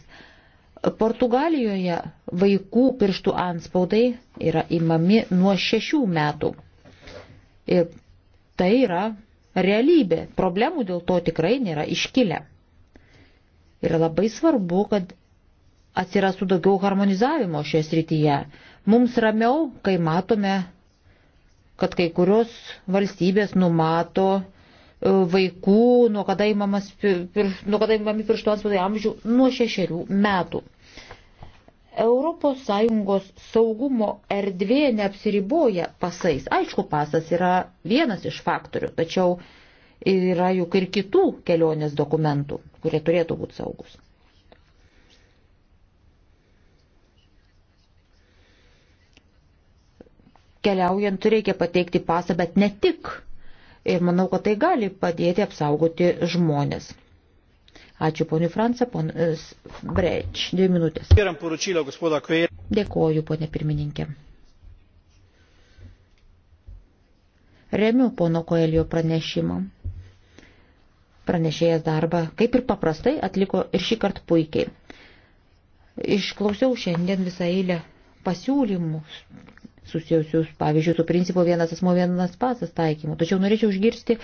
Portugalijoje vaikų pirštų anspaudai yra imami nuo šešių metų. Ir e, tai yra realybė. Problemų dėl to tikrai nėra iškilę. Yra labai svarbu, kad atsirastų daugiau harmonizavimo šioje srityje. Mums ramiau, kai matome kad kai kurios valstybės numato e, vaikų, nuo kada, įmamas, nuo kada įmami pirštų atspaudai amžių, nuo šešerių metų. ES saugumo erdvė neapsiriboja pasais. Aišku, pasas yra vienas iš faktorių, tačiau yra juk ir kitų kelionės dokumentų, kurie turėtų būti saugus. keliaujant reikia pateikti pasą, bet ne tik. Ir manau, kad tai gali padėti apsaugoti žmonės. Ačiū poniu Franca, ponas e, Breč, dvi minutės. Dėkoju, ponė pirmininkė. Remiu pono Koelio pranešimą. Pranešėjas darbą, kaip ir paprastai, atliko ir šį kartą puikiai. Išklausiau šiandien visą eilę pasiūlymų, susijusius, pavyzdžiui, su principu vienas asmo vienas pasas taikymu. Tačiau norėčiau išgirsti,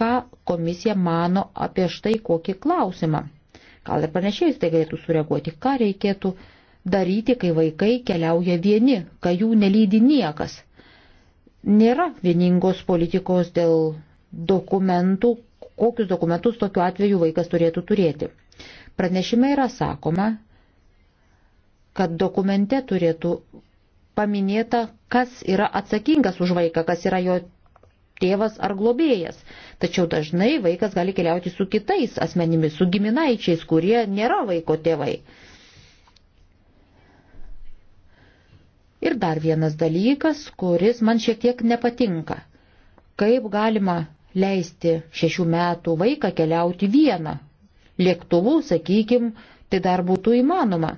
ką komisija mano apie štai kokį klausimą. Gal ir panašiais tai galėtų sureaguoti, ką reikėtų daryti, kai vaikai keliauja vieni, kai jų nelydi niekas. Nėra vieningos politikos dėl dokumentų, kokius dokumentus tokiu atveju vaikas turėtų turėti. Pranešime yra sakoma, kad dokumente turėtų paminėta, kas yra atsakingas už vaiką, kas yra jo tėvas ar globėjas. Tačiau dažnai vaikas gali keliauti su kitais asmenimis, su giminaičiais, kurie nėra vaiko tėvai. Ir dar vienas dalykas, kuris man šiek tiek nepatinka. Kaip galima leisti šešių metų vaiką keliauti vieną? Lėktuvu, sakykim, tai dar būtų įmanoma.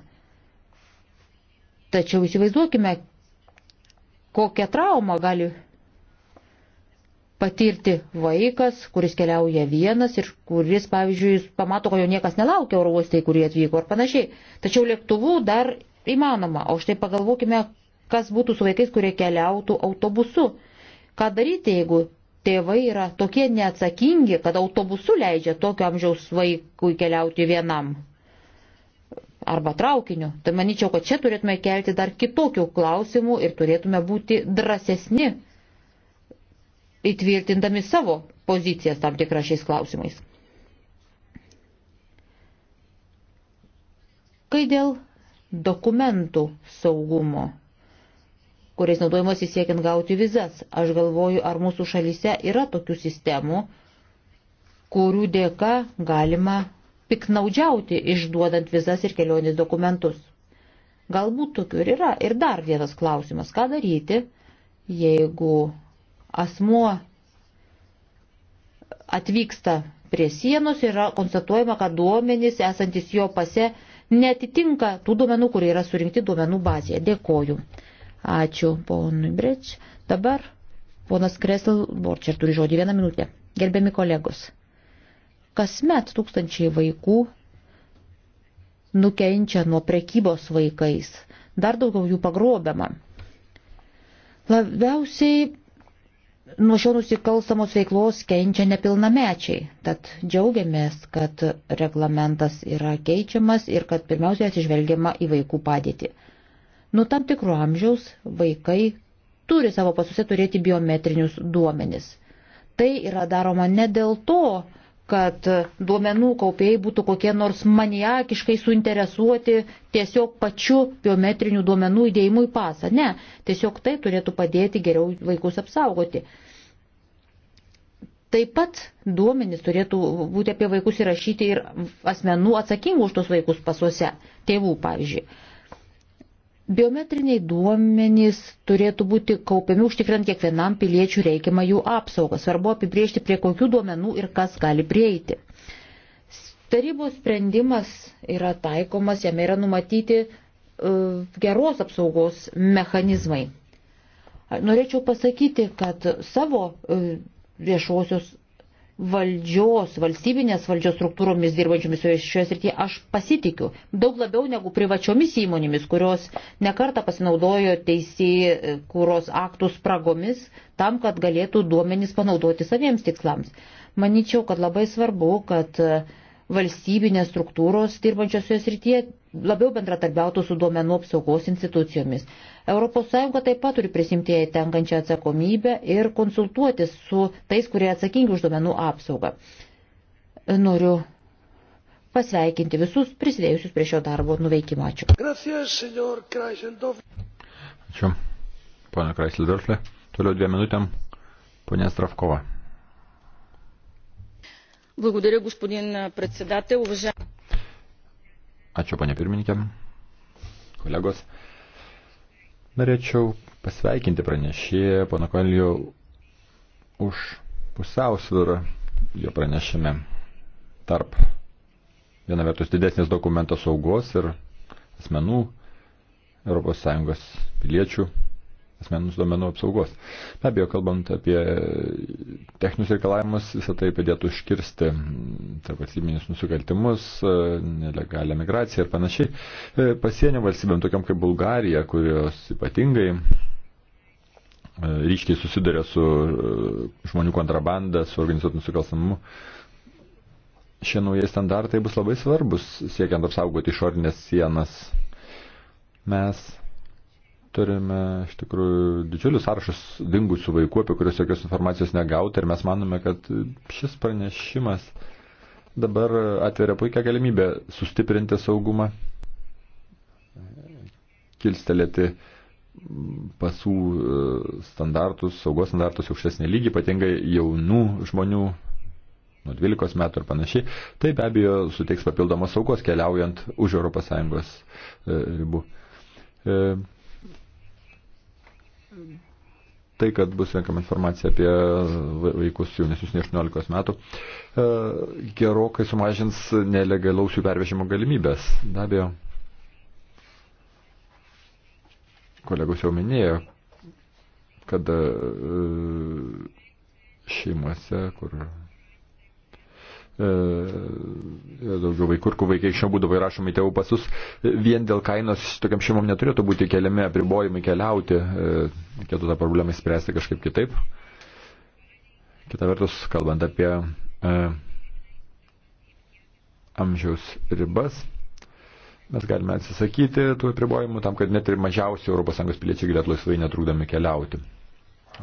Tačiau įsivaizduokime, kokią traumą gali patirti vaikas, kuris keliauja vienas ir kuris, pavyzdžiui, pamato, ko jo niekas nelaukia oro uostai, kurį atvyko ar panašiai. Tačiau lėktuvų dar įmanoma. O štai pagalvokime, kas būtų su vaikais, kurie keliautų autobusu. Ką daryti, jeigu tėvai yra tokie neatsakingi, kad autobusu leidžia tokio amžiaus vaikui keliauti vienam arba traukiniu. Tai manyčiau, kad čia turėtume kelti dar kitokių klausimų ir turėtume būti drąsesni, įtvirtindami savo pozicijas tam tikrą šiais klausimais. Kai dėl dokumentų saugumo, kuriais naudojimas įsiekiant gauti vizas, aš galvoju, ar mūsų šalyse yra tokių sistemų, kurių dėka galima piknaudžiauti išduodant vizas ir kelionės dokumentus. Galbūt tokių ir yra. Ir dar vienas klausimas, ką daryti, jeigu asmuo atvyksta prie sienos ir yra konstatuojama, kad duomenys esantis jo pase netitinka tų duomenų, kurie yra surinkti duomenų bazėje. Dėkoju. Ačiū, ponui Breč. Dabar ponas Kresel, Borčer turi žodį vieną minutę. Gerbiami kolegos. Kasmet tūkstančiai vaikų nukenčia nuo prekybos vaikais, dar daugiau jų pagrobiama. Labiausiai nuo šio nusikalstamos veiklos kenčia nepilnamečiai, tad džiaugiamės, kad reglamentas yra keičiamas ir kad pirmiausiai atsižvelgiama į vaikų padėtį. Nuo tam tikro amžiaus vaikai turi savo pasuose turėti biometrinius duomenis. Tai yra daroma ne dėl to, kad duomenų kaupėjai būtų kokie nors maniakiškai suinteresuoti tiesiog pačiu biometrinių duomenų įdėjimu į pasą. Ne, tiesiog tai turėtų padėti geriau vaikus apsaugoti. Taip pat duomenys turėtų būti apie vaikus įrašyti ir asmenų atsakingų už tos vaikus pasuose, tėvų pavyzdžiui. Biometriniai duomenys turėtų būti kaupiami užtikrint kiekvienam piliečių reikiamą jų apsaugą. Svarbu apibriežti, prie kokių duomenų ir kas gali prieiti. Tarybos sprendimas yra taikomas, jame yra numatyti uh, geros apsaugos mechanizmai. Norėčiau pasakyti, kad savo uh, viešosios valdžios, valstybinės valdžios struktūromis dirbančiomis šioje srityje aš pasitikiu daug labiau negu privačiomis įmonėmis, kurios nekarta pasinaudojo teisėjai kūros aktų spragomis tam, kad galėtų duomenys panaudoti saviems tikslams. Maničiau, kad labai svarbu, kad valstybinės struktūros dirbančios šioje srityje labiau bendratarbiautų su duomenų apsaugos institucijomis. ES taip pat turi prisimti jai tenkančią atsakomybę ir konsultuotis su tais, kurie atsakingi už duomenų apsaugą. Noriu pasveikinti visus prisidėjusius prie šio darbo nuveikimo. Ačiū. Ačiū. Pana Kraisildorflė. Toliau dviem minutėm. Ponia Stravkova. Благодаря, господин председател. Уважаем... Ačiū, panė pirmininkė, kolegos. Norėčiau pasveikinti pranešėją pana Kolijų už pusiausvyrą jo pranešime tarp viena vertus didesnės dokumento saugos ir asmenų ES piliečių asmenus duomenų apsaugos. Be abejo, kalbant apie techninius reikalavimus, visą tai padėtų iškirsti tarp valstybinius nusikaltimus, nelegalią migraciją ir panašiai. E, pasienio valstybėm, tokiam kaip Bulgarija, kurios ypatingai e, ryškiai susiduria su e, žmonių kontrabanda, su organizuotų nusikalstamumu. Šie naujai standartai bus labai svarbus, siekiant apsaugoti išorinės sienas. Mes turime iš tikrųjų didžiulius sąrašus dingusių vaikų, apie kuriuos jokios informacijos negauti ir mes manome, kad šis pranešimas dabar atveria puikią galimybę sustiprinti saugumą, kilstelėti pasų e, standartus, saugos standartus aukštesnį lygį, ypatingai jaunų žmonių nuo 12 metų ir panašiai, tai be abejo suteiks papildomos saugos keliaujant už ES e, ribų. E, tai, kad bus renkama informacija apie vaikus jaunesnius nei 18 metų, e, gerokai sumažins nelegalaus jų pervežimo galimybės. Be abejo, kolegos jau minėjo, kad e, šeimuose, kur yra e, e, daugiau vaikų, kur vaikai anksčiau būdavo įrašomi tėvų pasus, vien dėl kainos tokiam šeimom neturėtų būti keliami apribojimai keliauti, e, reikėtų tą problemą spręsti kažkaip kitaip. Kita vertus, kalbant apie e, amžiaus ribas, mes galime atsisakyti tų apribojimų tam, kad net ir mažiausi ES piliečiai galėtų laisvai netrūkdami keliauti.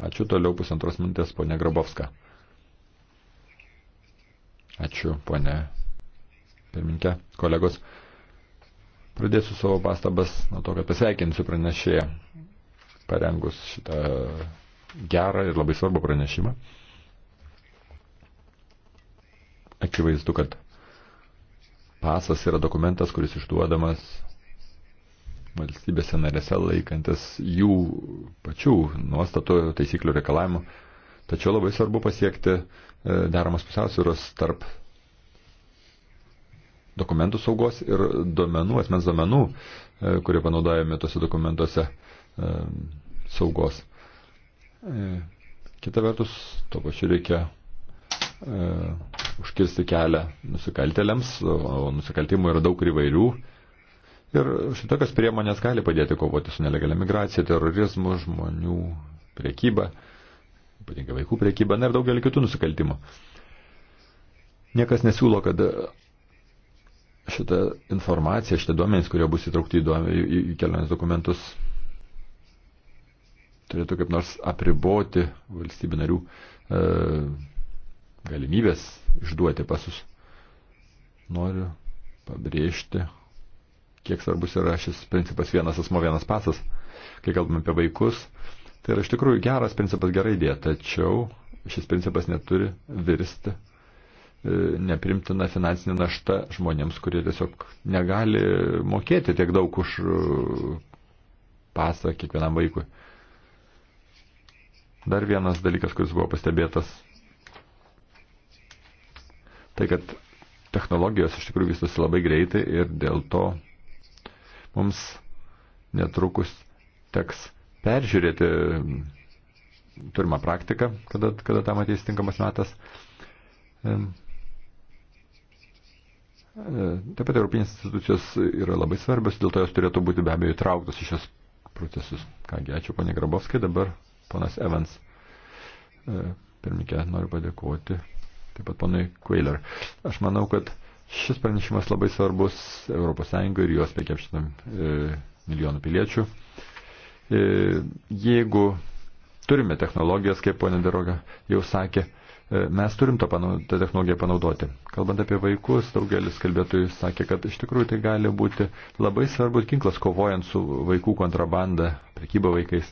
Ačiū toliau pusantros mintės, ponė Grabovska. Ačiū, ponė pirminkė, kolegos. Pradėsiu savo pastabas nuo to, kad pasveikinsiu pranešėją, parengus šitą gerą ir labai svarbą pranešimą. Akivaizdu, kad pasas yra dokumentas, kuris išduodamas valstybėse narėse laikantis jų pačių nuostatų, taisyklių reikalavimų Tačiau labai svarbu pasiekti e, deramos pusiausvyros tarp dokumentų saugos ir duomenų, asmens duomenų, e, kurie panaudojami tose dokumentuose e, saugos. Kita vertus, to pačiu reikia užkirsti kelią nusikaltelėms, o nusikaltimų yra daug ir įvairių. Ir šitokios priemonės gali padėti kovoti su nelegalia migracija, terorizmu, žmonių priekyba ypatingai vaikų priekyba, na ir daugelį kitų nusikaltimų. Niekas nesiūlo, kad šitą informaciją, šitą duomenys, kurie bus įtraukti į, duomenį, į, į kelionės dokumentus, turėtų kaip nors apriboti valstybių narių e, galimybės išduoti pasus. Noriu pabrėžti, kiek svarbus yra šis principas vienas asmo, vienas pasas. Kai kalbame apie vaikus, Tai yra iš tikrųjų geras principas gerai idėja, tačiau šis principas neturi virsti e, neprimtina finansinė našta žmonėms, kurie tiesiog negali mokėti tiek daug už e, pasą kiekvienam vaikui. Dar vienas dalykas, kuris buvo pastebėtas, tai kad technologijos iš tikrųjų vystosi labai greitai ir dėl to mums netrukus teks peržiūrėti turimą praktiką, kada, kada tam ateis tinkamas metas. E, taip pat Europinės institucijos yra labai svarbios, dėl to jos turėtų būti be abejo įtrauktos į šios procesus. Kągi, ačiū ponė Grabovskai, dabar ponas Evans. E, pirmininkė, noriu padėkoti taip pat ponui Quailer. Aš manau, kad šis pranešimas labai svarbus ES ir jos 500 e, milijonų piliečių. E, E, jeigu turime technologijas, kaip ponė Deroga jau sakė, e, mes turim tą, tą technologiją panaudoti. Kalbant apie vaikus, daugelis kalbėtojų sakė, kad iš tikrųjų tai gali būti labai svarbus ginklas kovojant su vaikų kontrabanda, prekyba vaikais.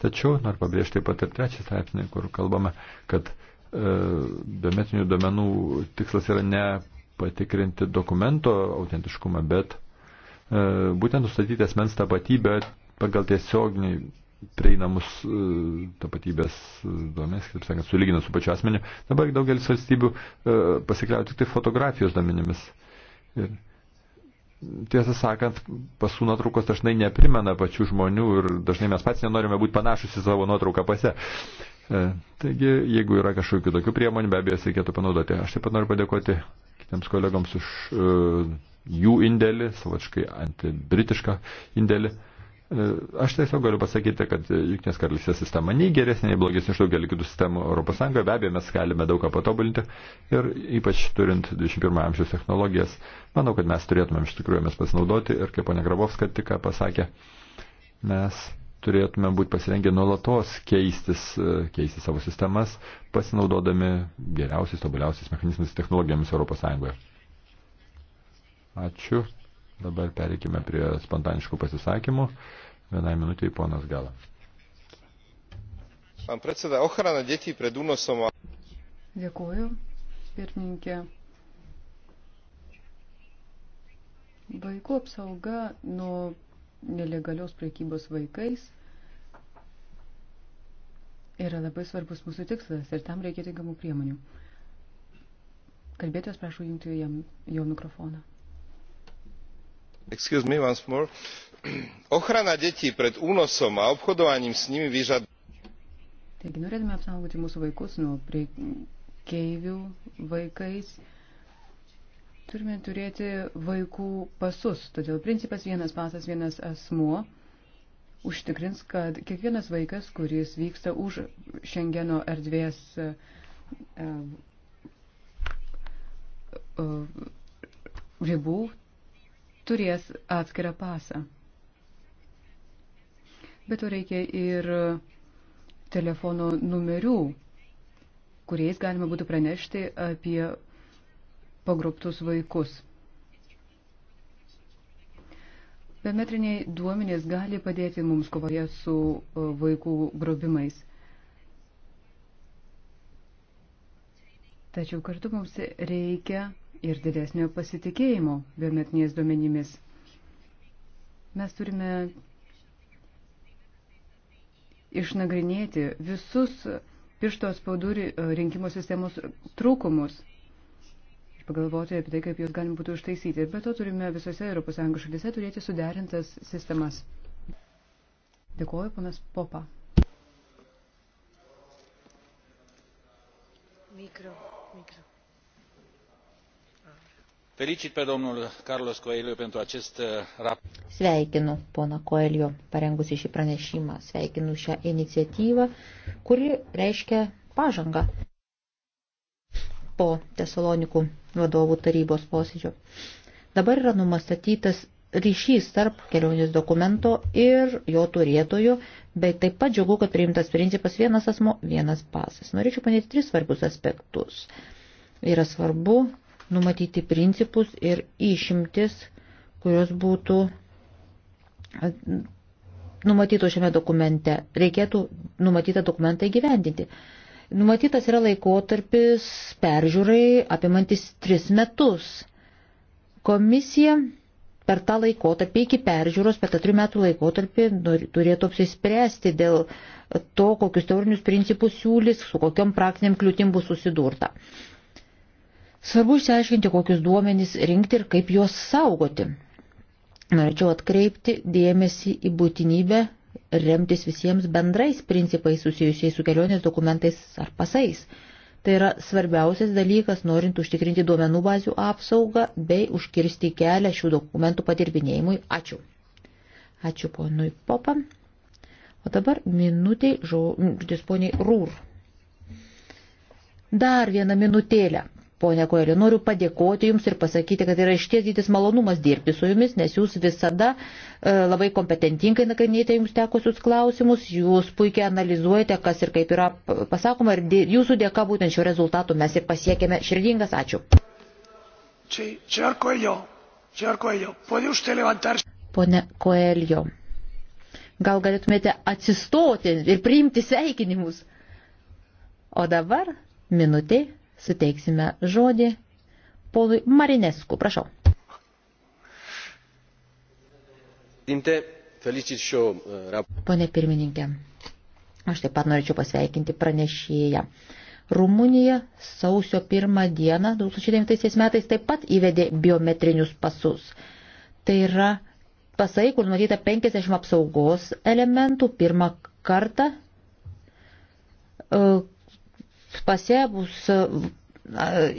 Tačiau noriu pabrėžti taip pat ir trečią straipsnį, kur kalbame, kad e, biometrinių duomenų tikslas yra ne patikrinti dokumento autentiškumą, bet e, būtent nustatyti asmens tapatybę pagal tiesioginiai prieinamus e, tapatybės e, duomenys, kaip sakant, sulygina su pačiu asmeniu. Dabar daugelis valstybių e, pasikliauja tik tai fotografijos duomenimis. Ir tiesą sakant, pasų nuotraukos dažnai neprimena pačių žmonių ir dažnai mes pats nenorime būti panašus į savo nuotrauką pase. Taigi, jeigu yra kažkokių tokių priemonių, be abejo, reikėtų panaudoti. Aš taip pat noriu padėkoti kitiems kolegoms už uh, jų indėlį, savačkai antibritišką indėlį. Uh, E, aš tiesiog galiu pasakyti, kad Junktinės karalystės sistema nei geresnė, nei blogesnė iš daugelį kitų sistemų ES, be abejo mes galime daug ką patobulinti ir ypač turint 21 amžiaus technologijas, manau, kad mes turėtumėm iš tikrųjų mes pasinaudoti ir kaip ponia Grabovska tik ką pasakė, mes turėtume būti pasirengę nuolatos keistis, e, keisti savo sistemas, pasinaudodami geriausiais, tobuliausiais mechanizmais technologijomis ES. Ačiū. Dabar pereikime prie spontaniškų pasisakymų. Vienai minutiai ponas Gala. Pán predseda, ochrana detí pred únosom. Dėkuoju, pirmininkė. Vaikų apsauga nuo nelegalios prekybos vaikais yra labai svarbus mūsų tikslas ir tam reikia tinkamų priemonių. Kalbėtojas prašau jungti jam jo mikrofoną. ochrana detí pred únosom a obchodovaním s nimi vyžaduje. Taigi norėdami apsaugoti mūsų vaikus nuo priekeivių vaikais, turime turėti vaikų pasus. Todėl principas vienas pasas, vienas asmuo užtikrins, kad kiekvienas vaikas, kuris vyksta už Šengeno erdvės e, e, ribų, turės atskirą pasą. Bet to reikia ir telefono numerių, kuriais galima būtų pranešti apie pagrobtus vaikus. Biometriniai duomenys gali padėti mums kovoje su e, vaikų grobimais. Tačiau kartu mums reikia ir didesnio pasitikėjimo biometiniais duomenimis. Mes turime išnagrinėti visus piršto spaudų rinkimo sistemos trūkumus ir pagalvoti apie tai, kaip juos galim būtų ištaisyti. Ir be to turime visose ES šalyse turėti suderintas sistemas. Dėkuoju, panas Popa. Mikro, mikro. Felicit pe domnul Carlos Coelho pentru acest uh, raport. Sveikinu pona Coelho parengusi šį pranešimą, sveikinu šią iniciatyvą, kuri reiškia pažangą po Tesalonikų vadovų tarybos posėdžio. Dabar yra numastatytas ryšys tarp kelionės dokumento ir jo turėtojų, bet taip pat džiugu, kad priimtas principas vienas asmo, vienas pasas. Norėčiau panėti tris svarbius aspektus. Yra svarbu numatyti principus ir išimtis, kurios būtų numatyto šiame dokumente. Reikėtų numatytą dokumentą įgyvendinti. Numatytas yra laikotarpis peržiūrai apimantis tris metus. Komisija per tą laikotarpį iki peržiūros, per tą trijų metų laikotarpį turėtų apsispręsti dėl to, kokius teorinius principus siūlys, su kokiam praktiniam kliūtim bus susidurta. Svarbu išsiaiškinti, kokius duomenys rinkti ir kaip juos saugoti. Norėčiau atkreipti dėmesį į būtinybę remtis visiems bendrais principais susijusiais su kelionės dokumentais ar pasais. Tai yra svarbiausias dalykas, norint užtikrinti duomenų bazių apsaugą bei užkirsti kelią šių dokumentų padirbinėjimui. Ačiū. Ačiū ponui Popam. O dabar minutė žodis poniai Rūr. Dar vieną minutėlę. Pone Koelė, noriu padėkoti Jums ir pasakyti, kad yra išties didis malonumas dirbti su Jumis, nes Jūs visada e, labai kompetentingai nagrinėjate Jums tekusius klausimus, Jūs puikiai analizuojate, kas ir kaip yra pasakoma ir dė, Jūsų dėka būtent šio rezultatų mes ir pasiekėme. Širdingas ačiū. Pone Koelio, gal galėtumėte atsistoti ir priimti sveikinimus? O dabar minutė suteiksime žodį Polui Marinescu. Prašau. Uh, Pone pirmininkė, aš taip pat norėčiau pasveikinti pranešėją. Rumunija sausio pirmą dieną 2009 metais taip pat įvedė biometrinius pasus. Tai yra pasai, kur numatyta 50 apsaugos elementų pirmą kartą uh, Pase bus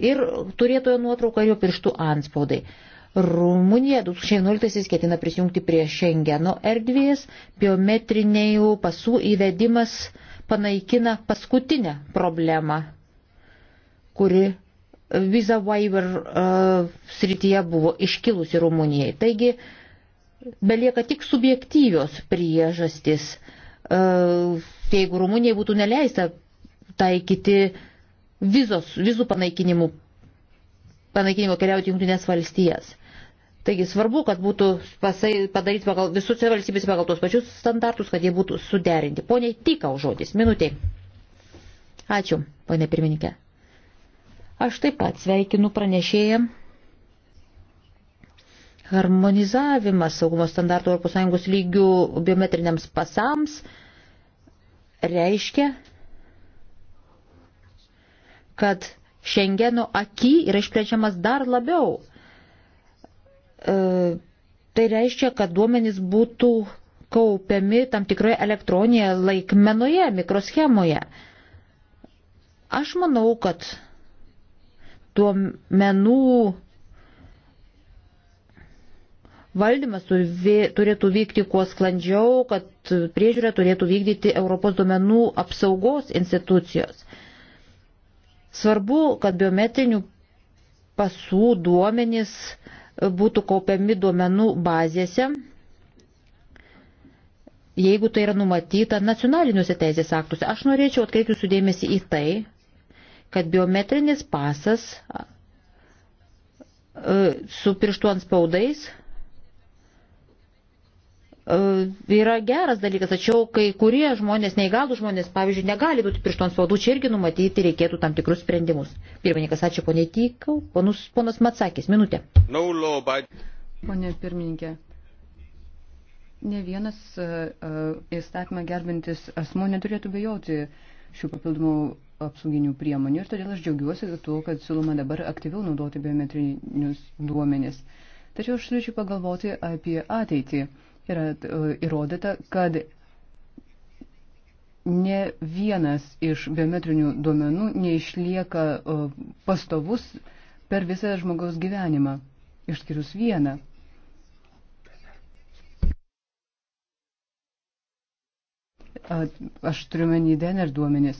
ir turėtojo nuotrauka ir jo pirštų anspaudai. Rumunija 2011 ketina prisijungti prie Šengeno erdvės, biometrinių pasų įvedimas panaikina paskutinę problemą, kuri visa waiver uh, srityje buvo iškilusi Rumunijai. Taigi belieka tik subjektyvios priežastis. Uh, jeigu Rumunijai būtų neleista taikyti vizos, vizų panaikinimų, panaikinimo keliauti jungtinės valstijas. Taigi svarbu, kad būtų pasai, padaryti pagal visus valstybės pagal tos pačius standartus, kad jie būtų suderinti. Poniai, tikau žodis, minutė. Ačiū, ponė pirmininkė. Aš taip pat sveikinu pranešėją. Harmonizavimas saugumo standartų ES lygių biometriniams pasams reiškia, kad Šengeno aki yra išplečiamas dar labiau. E, tai reiškia, kad duomenys būtų kaupiami tam tikroje elektroninėje laikmenoje, mikroschemoje. Aš manau, kad duomenų valdymas turėtų vykti kuo sklandžiau, kad priežiūrę turėtų vykdyti Europos duomenų apsaugos institucijos. E, Svarbu, kad biometrinių pasų duomenys būtų kaupiami duomenų bazėse, jeigu tai yra numatyta nacionaliniuose teisės aktuose. Aš norėčiau atkreipti jūsų dėmesį į tai, kad biometrinis pasas e, su pirštu ant spaudais E, yra geras dalykas, tačiau kai kurie žmonės, neįgalų žmonės, pavyzdžiui, negali būti pirštų ant spaudų, čia irgi numatyti reikėtų tam tikrus sprendimus. Pirmininkas, ačiū ponė Tykau, ponus, ponas Matsakis, minutė. No law, but... Pone pirmininkė, ne vienas uh, įstatymą gerbintis asmo neturėtų bejoti šių papildomų apsauginių priemonių ir todėl aš džiaugiuosi tuo, kad siūloma dabar aktyviau naudoti biometrinius duomenis. Tačiau aš turėčiau pagalvoti apie ateitį. Uh, yra e, įrodyta, kad ne vienas iš biometrinių duomenų neišlieka e, pastovus per visą žmogaus gyvenimą, išskyrus vieną. Aš turiu menį DNR duomenis.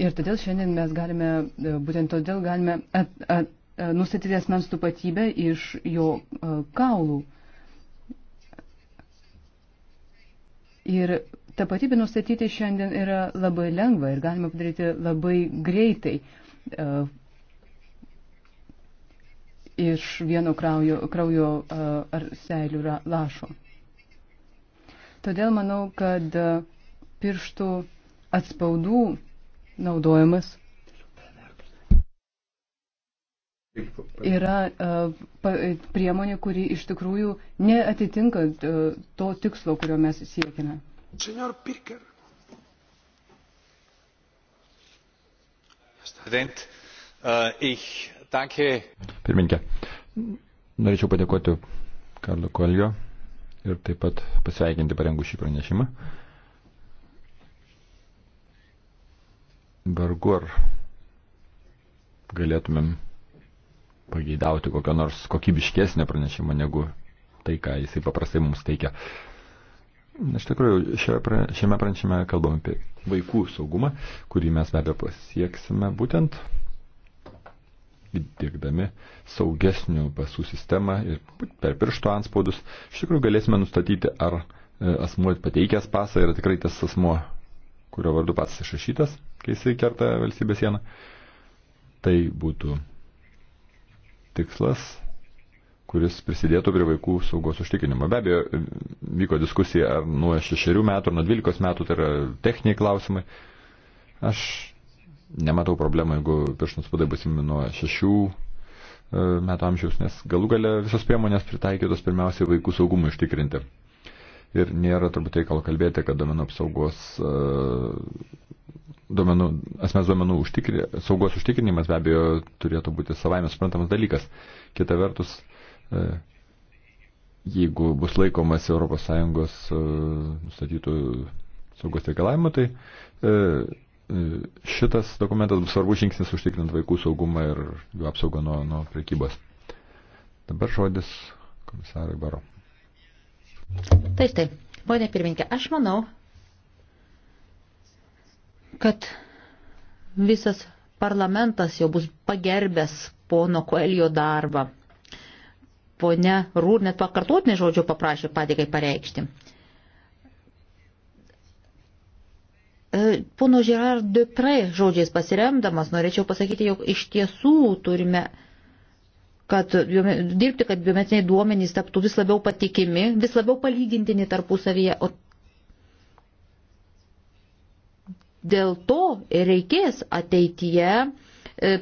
Ir todėl šiandien mes galime, e, būtent todėl galime at, at, nustatyti asmens tapatybę iš jo kaulų. Uh, Ir tapatybę nustatyti šiandien yra labai lengva ir galima padaryti labai greitai. E, iš vieno kraujo, kraujo e, ar seilių lašo. Todėl manau, kad e, pirštų atspaudų naudojimas yra e, priemonė, kuri iš tikrųjų neatitinka e, to tikslo, kurio mes siekime. Senor Pirker. Äh, Pirmininkė, norėčiau padėkoti Karlo Koljo ir taip pat pasveikinti parengų šį pranešimą. Vargu ar galėtumėm pageidauti kokio nors kokybiškesnio pranešimo negu tai, ką jisai paprastai mums teikia. Iš tikrųjų, šiame pranešime kalbam apie vaikų saugumą, kurį mes be abejo pasieksime būtent įdėkdami saugesnių pasų sistemą ir per piršto anspaudus. Iš tikrųjų, galėsime nustatyti, ar e, asmuo pateikęs pasą yra tikrai tas asmuo, kurio vardu pasas išrašytas, kai jisai kerta valstybės sieną. Tai būtų tikslas, kuris prisidėtų prie vaikų saugos užtikrinimo. Be abejo, vyko diskusija, ar nuo 6 metų, ar nuo 12 metų, tai yra techniniai klausimai. Aš nematau problemų, jeigu piršnus padai busimi nuo 6 e, metų amžiaus, nes galų gale visos priemonės pritaikytos pirmiausiai vaikų saugumui užtikrinti ir nėra turbūt reikalo kalbėti, kad domenų apsaugos, e, domenų, asmens domenų užtikri, saugos užtikrinimas be abejo turėtų būti savaime suprantamas dalykas. Kita vertus, e, jeigu bus laikomas ES e, nustatytų saugos reikalavimų, tai šitas dokumentas bus svarbus žingsnis užtikrinant vaikų saugumą ir jų apsaugą nuo, nuo prekybos. Dabar žodis komisarai Baro. Taip, taip. Pone pirminkė, aš manau, kad visas parlamentas jau bus pagerbęs pono Koelio darbą. Pone Rūr net pakartotinį žodžių paprašė padėkai pareikšti. E, pono Gerard Dupre žodžiais pasiremdamas norėčiau pasakyti, jog iš tiesų turime kad dirbti, kad biometriniai duomenys taptų vis labiau patikimi, vis labiau palygintini tarpusavyje. O dėl to reikės ateityje e,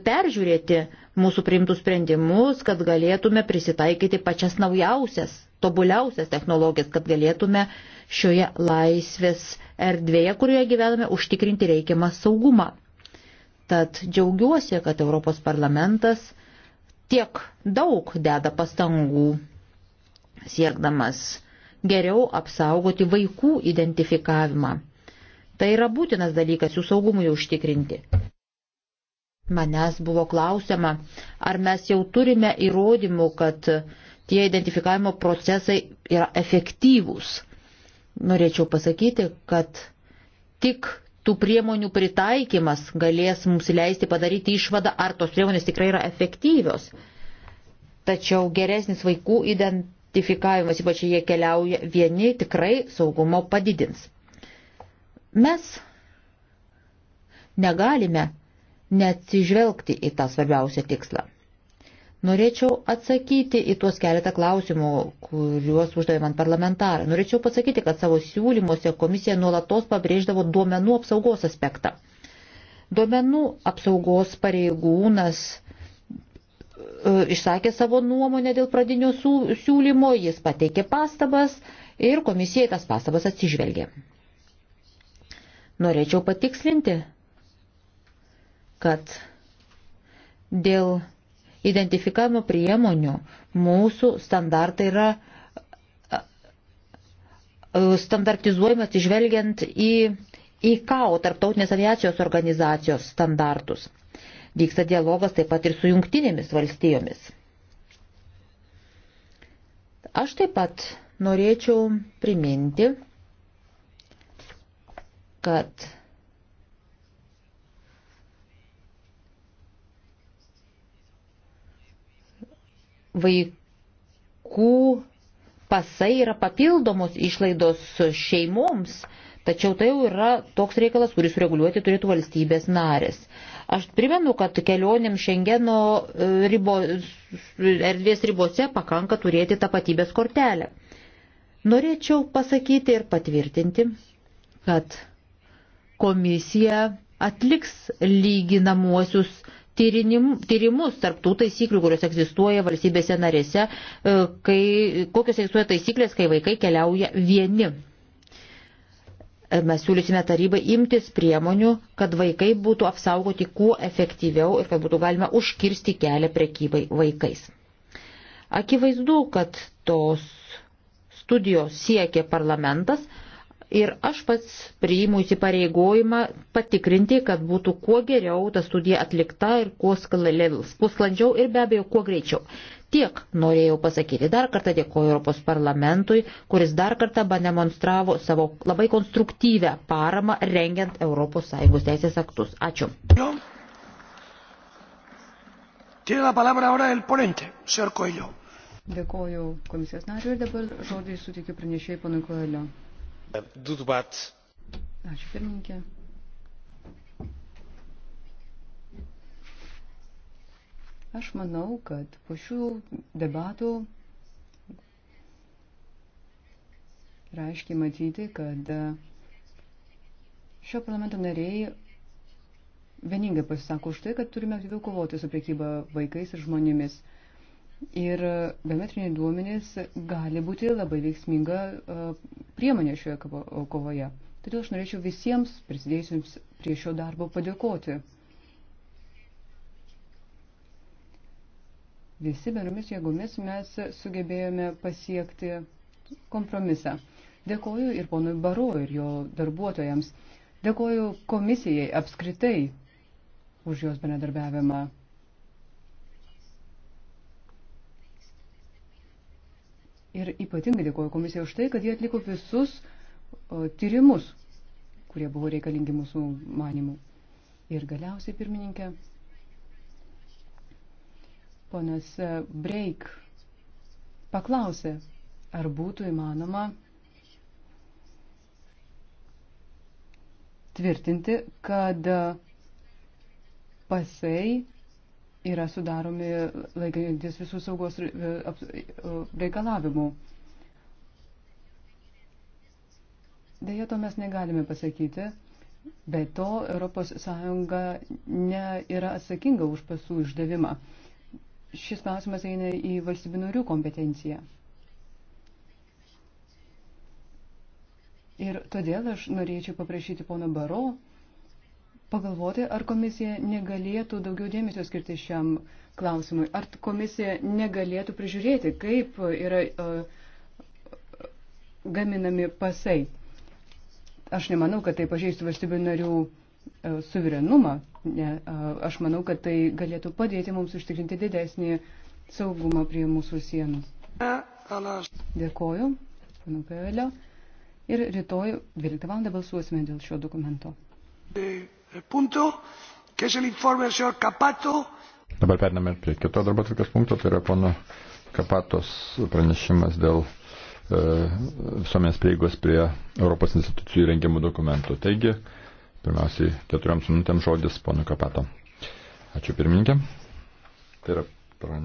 peržiūrėti mūsų priimtus sprendimus, kad galėtume prisitaikyti pačias naujausias, tobuliausias technologijas, kad galėtume šioje laisvės erdvėje, kurioje gyvename, užtikrinti reikiamą saugumą. Tad džiaugiuosi, kad Europos parlamentas tiek daug deda pastangų siekdamas geriau apsaugoti vaikų identifikavimą. Tai yra būtinas dalykas jų saugumui užtikrinti. Manęs buvo klausiama, ar mes jau turime įrodymų, kad tie identifikavimo procesai yra efektyvūs. Norėčiau pasakyti, kad tik tų priemonių pritaikymas galės mums leisti padaryti išvadą, ar tos priemonės tikrai yra efektyvios. Tačiau geresnis vaikų identifikavimas, ypač jie keliauja vieni, tikrai saugumo padidins. Mes negalime neatsižvelgti į tą svarbiausią tikslą. Norėčiau atsakyti į tuos keletą klausimų, kuriuos uždavė man parlamentarai. Norėčiau pasakyti, kad savo siūlymuose komisija nuolatos pabrėždavo duomenų apsaugos aspektą. Duomenų apsaugos pareigūnas e, išsakė savo nuomonę dėl pradinio siūlymo, jis pateikė pastabas ir komisija į tas pastabas atsižvelgė. Norėčiau patikslinti, kad dėl identifikavimo priemonių mūsų standartai yra e, standartizuojami atsižvelgiant į ICAO, tarptautinės aviacijos organizacijos standartus. Vyksta dialogas taip pat ir su jungtinėmis valstijomis. Aš taip pat norėčiau priminti, kad vaikų pasai yra papildomos išlaidos šeimoms, tačiau tai jau yra toks reikalas, kuris reguliuoti turėtų valstybės narės. Aš primenu, kad kelionėm Šengeno e, ribo, erdvės ribose pakanka turėti tapatybės kortelę. Norėčiau pasakyti ir patvirtinti, kad komisija atliks lyginamuosius tyrinim, tyrimus tarptų taisyklių, kurios egzistuoja valstybėse narėse, e, kai, kokios egzistuoja taisyklės, kai vaikai keliauja vieni. E, mes siūlysime tarybai imtis priemonių, kad vaikai būtų apsaugoti kuo efektyviau ir kad būtų galima užkirsti kelią prekybai vaikais. Akivaizdu, kad tos studijos siekia parlamentas, ir aš pats priimu įsipareigojimą patikrinti, kad būtų kuo geriau ta studija atlikta ir kuo sklandžiau ir be abejo kuo greičiau. Tiek norėjau pasakyti. Dar kartą dėkoju Europos parlamentui, kuris dar kartą pademonstravo savo labai konstruktyvę paramą rengiant ES teisės aktus. Ačiū. Dėkoju komisijos nariu ir dabar žodį sutikiu pranešėjai panui Koelio. Du debat. Ačiū pirmininkė. Aš manau, kad po šių debatų yra aiškiai matyti, kad e, šio parlamento nariai vieningai pasisako už tai, kad turime aktyviau kovoti su priekyba vaikais ir žmonėmis. Ir biometriniai duomenys gali būti labai veiksminga e, priemonė šioje kovoje. Todėl aš norėčiau visiems prisidėjusiems prie šio darbo padėkoti. Visi bendromis jėgomis mes sugebėjome pasiekti kompromisą. Dėkoju ir ponui Baro ir jo darbuotojams. Dėkoju komisijai apskritai už jos benedarbiavimą. Ir ypatingai dėkoju komisijai už tai, kad jie atliko visus tyrimus, kurie buvo reikalingi mūsų manimų. Ir galiausiai, pirmininkė, ponas e, Breik paklausė, ar būtų įmanoma tvirtinti, kad e, pasai yra sudaromi laikantis visų saugos e, e, e, reikalavimų. Deja, to mes negalime pasakyti. Be to, ES nėra atsakinga už pasų išdavimą. Šis klausimas eina į valstybių narių kompetenciją. Ir todėl aš norėčiau paprašyti pono Baro pagalvoti, ar komisija negalėtų daugiau dėmesio skirti šiam klausimui, ar komisija negalėtų prižiūrėti, kaip yra uh, gaminami pasai. Aš nemanau, kad tai pažeistų valstybių narių uh, suverenumą. Ne, uh, aš manau, kad tai galėtų padėti mums užtikrinti didesnį saugumą prie mūsų sienų. Dėkoju, panu Pevelio. Ir rytoj 12 val. balsuosime dėl šio dokumento. Dėkui. Tai punto, que es el informe del señor Capato. Dabar periname prie kito darbo atvirkės punkto, tai yra pono Kapatos pranešimas dėl e, visuomenės prieigos prie Europos institucijų rengiamų dokumentų. Taigi, pirmiausiai keturioms minutėms žodis pono Kapato. Ačiū pirmininkė. Tai yra pran...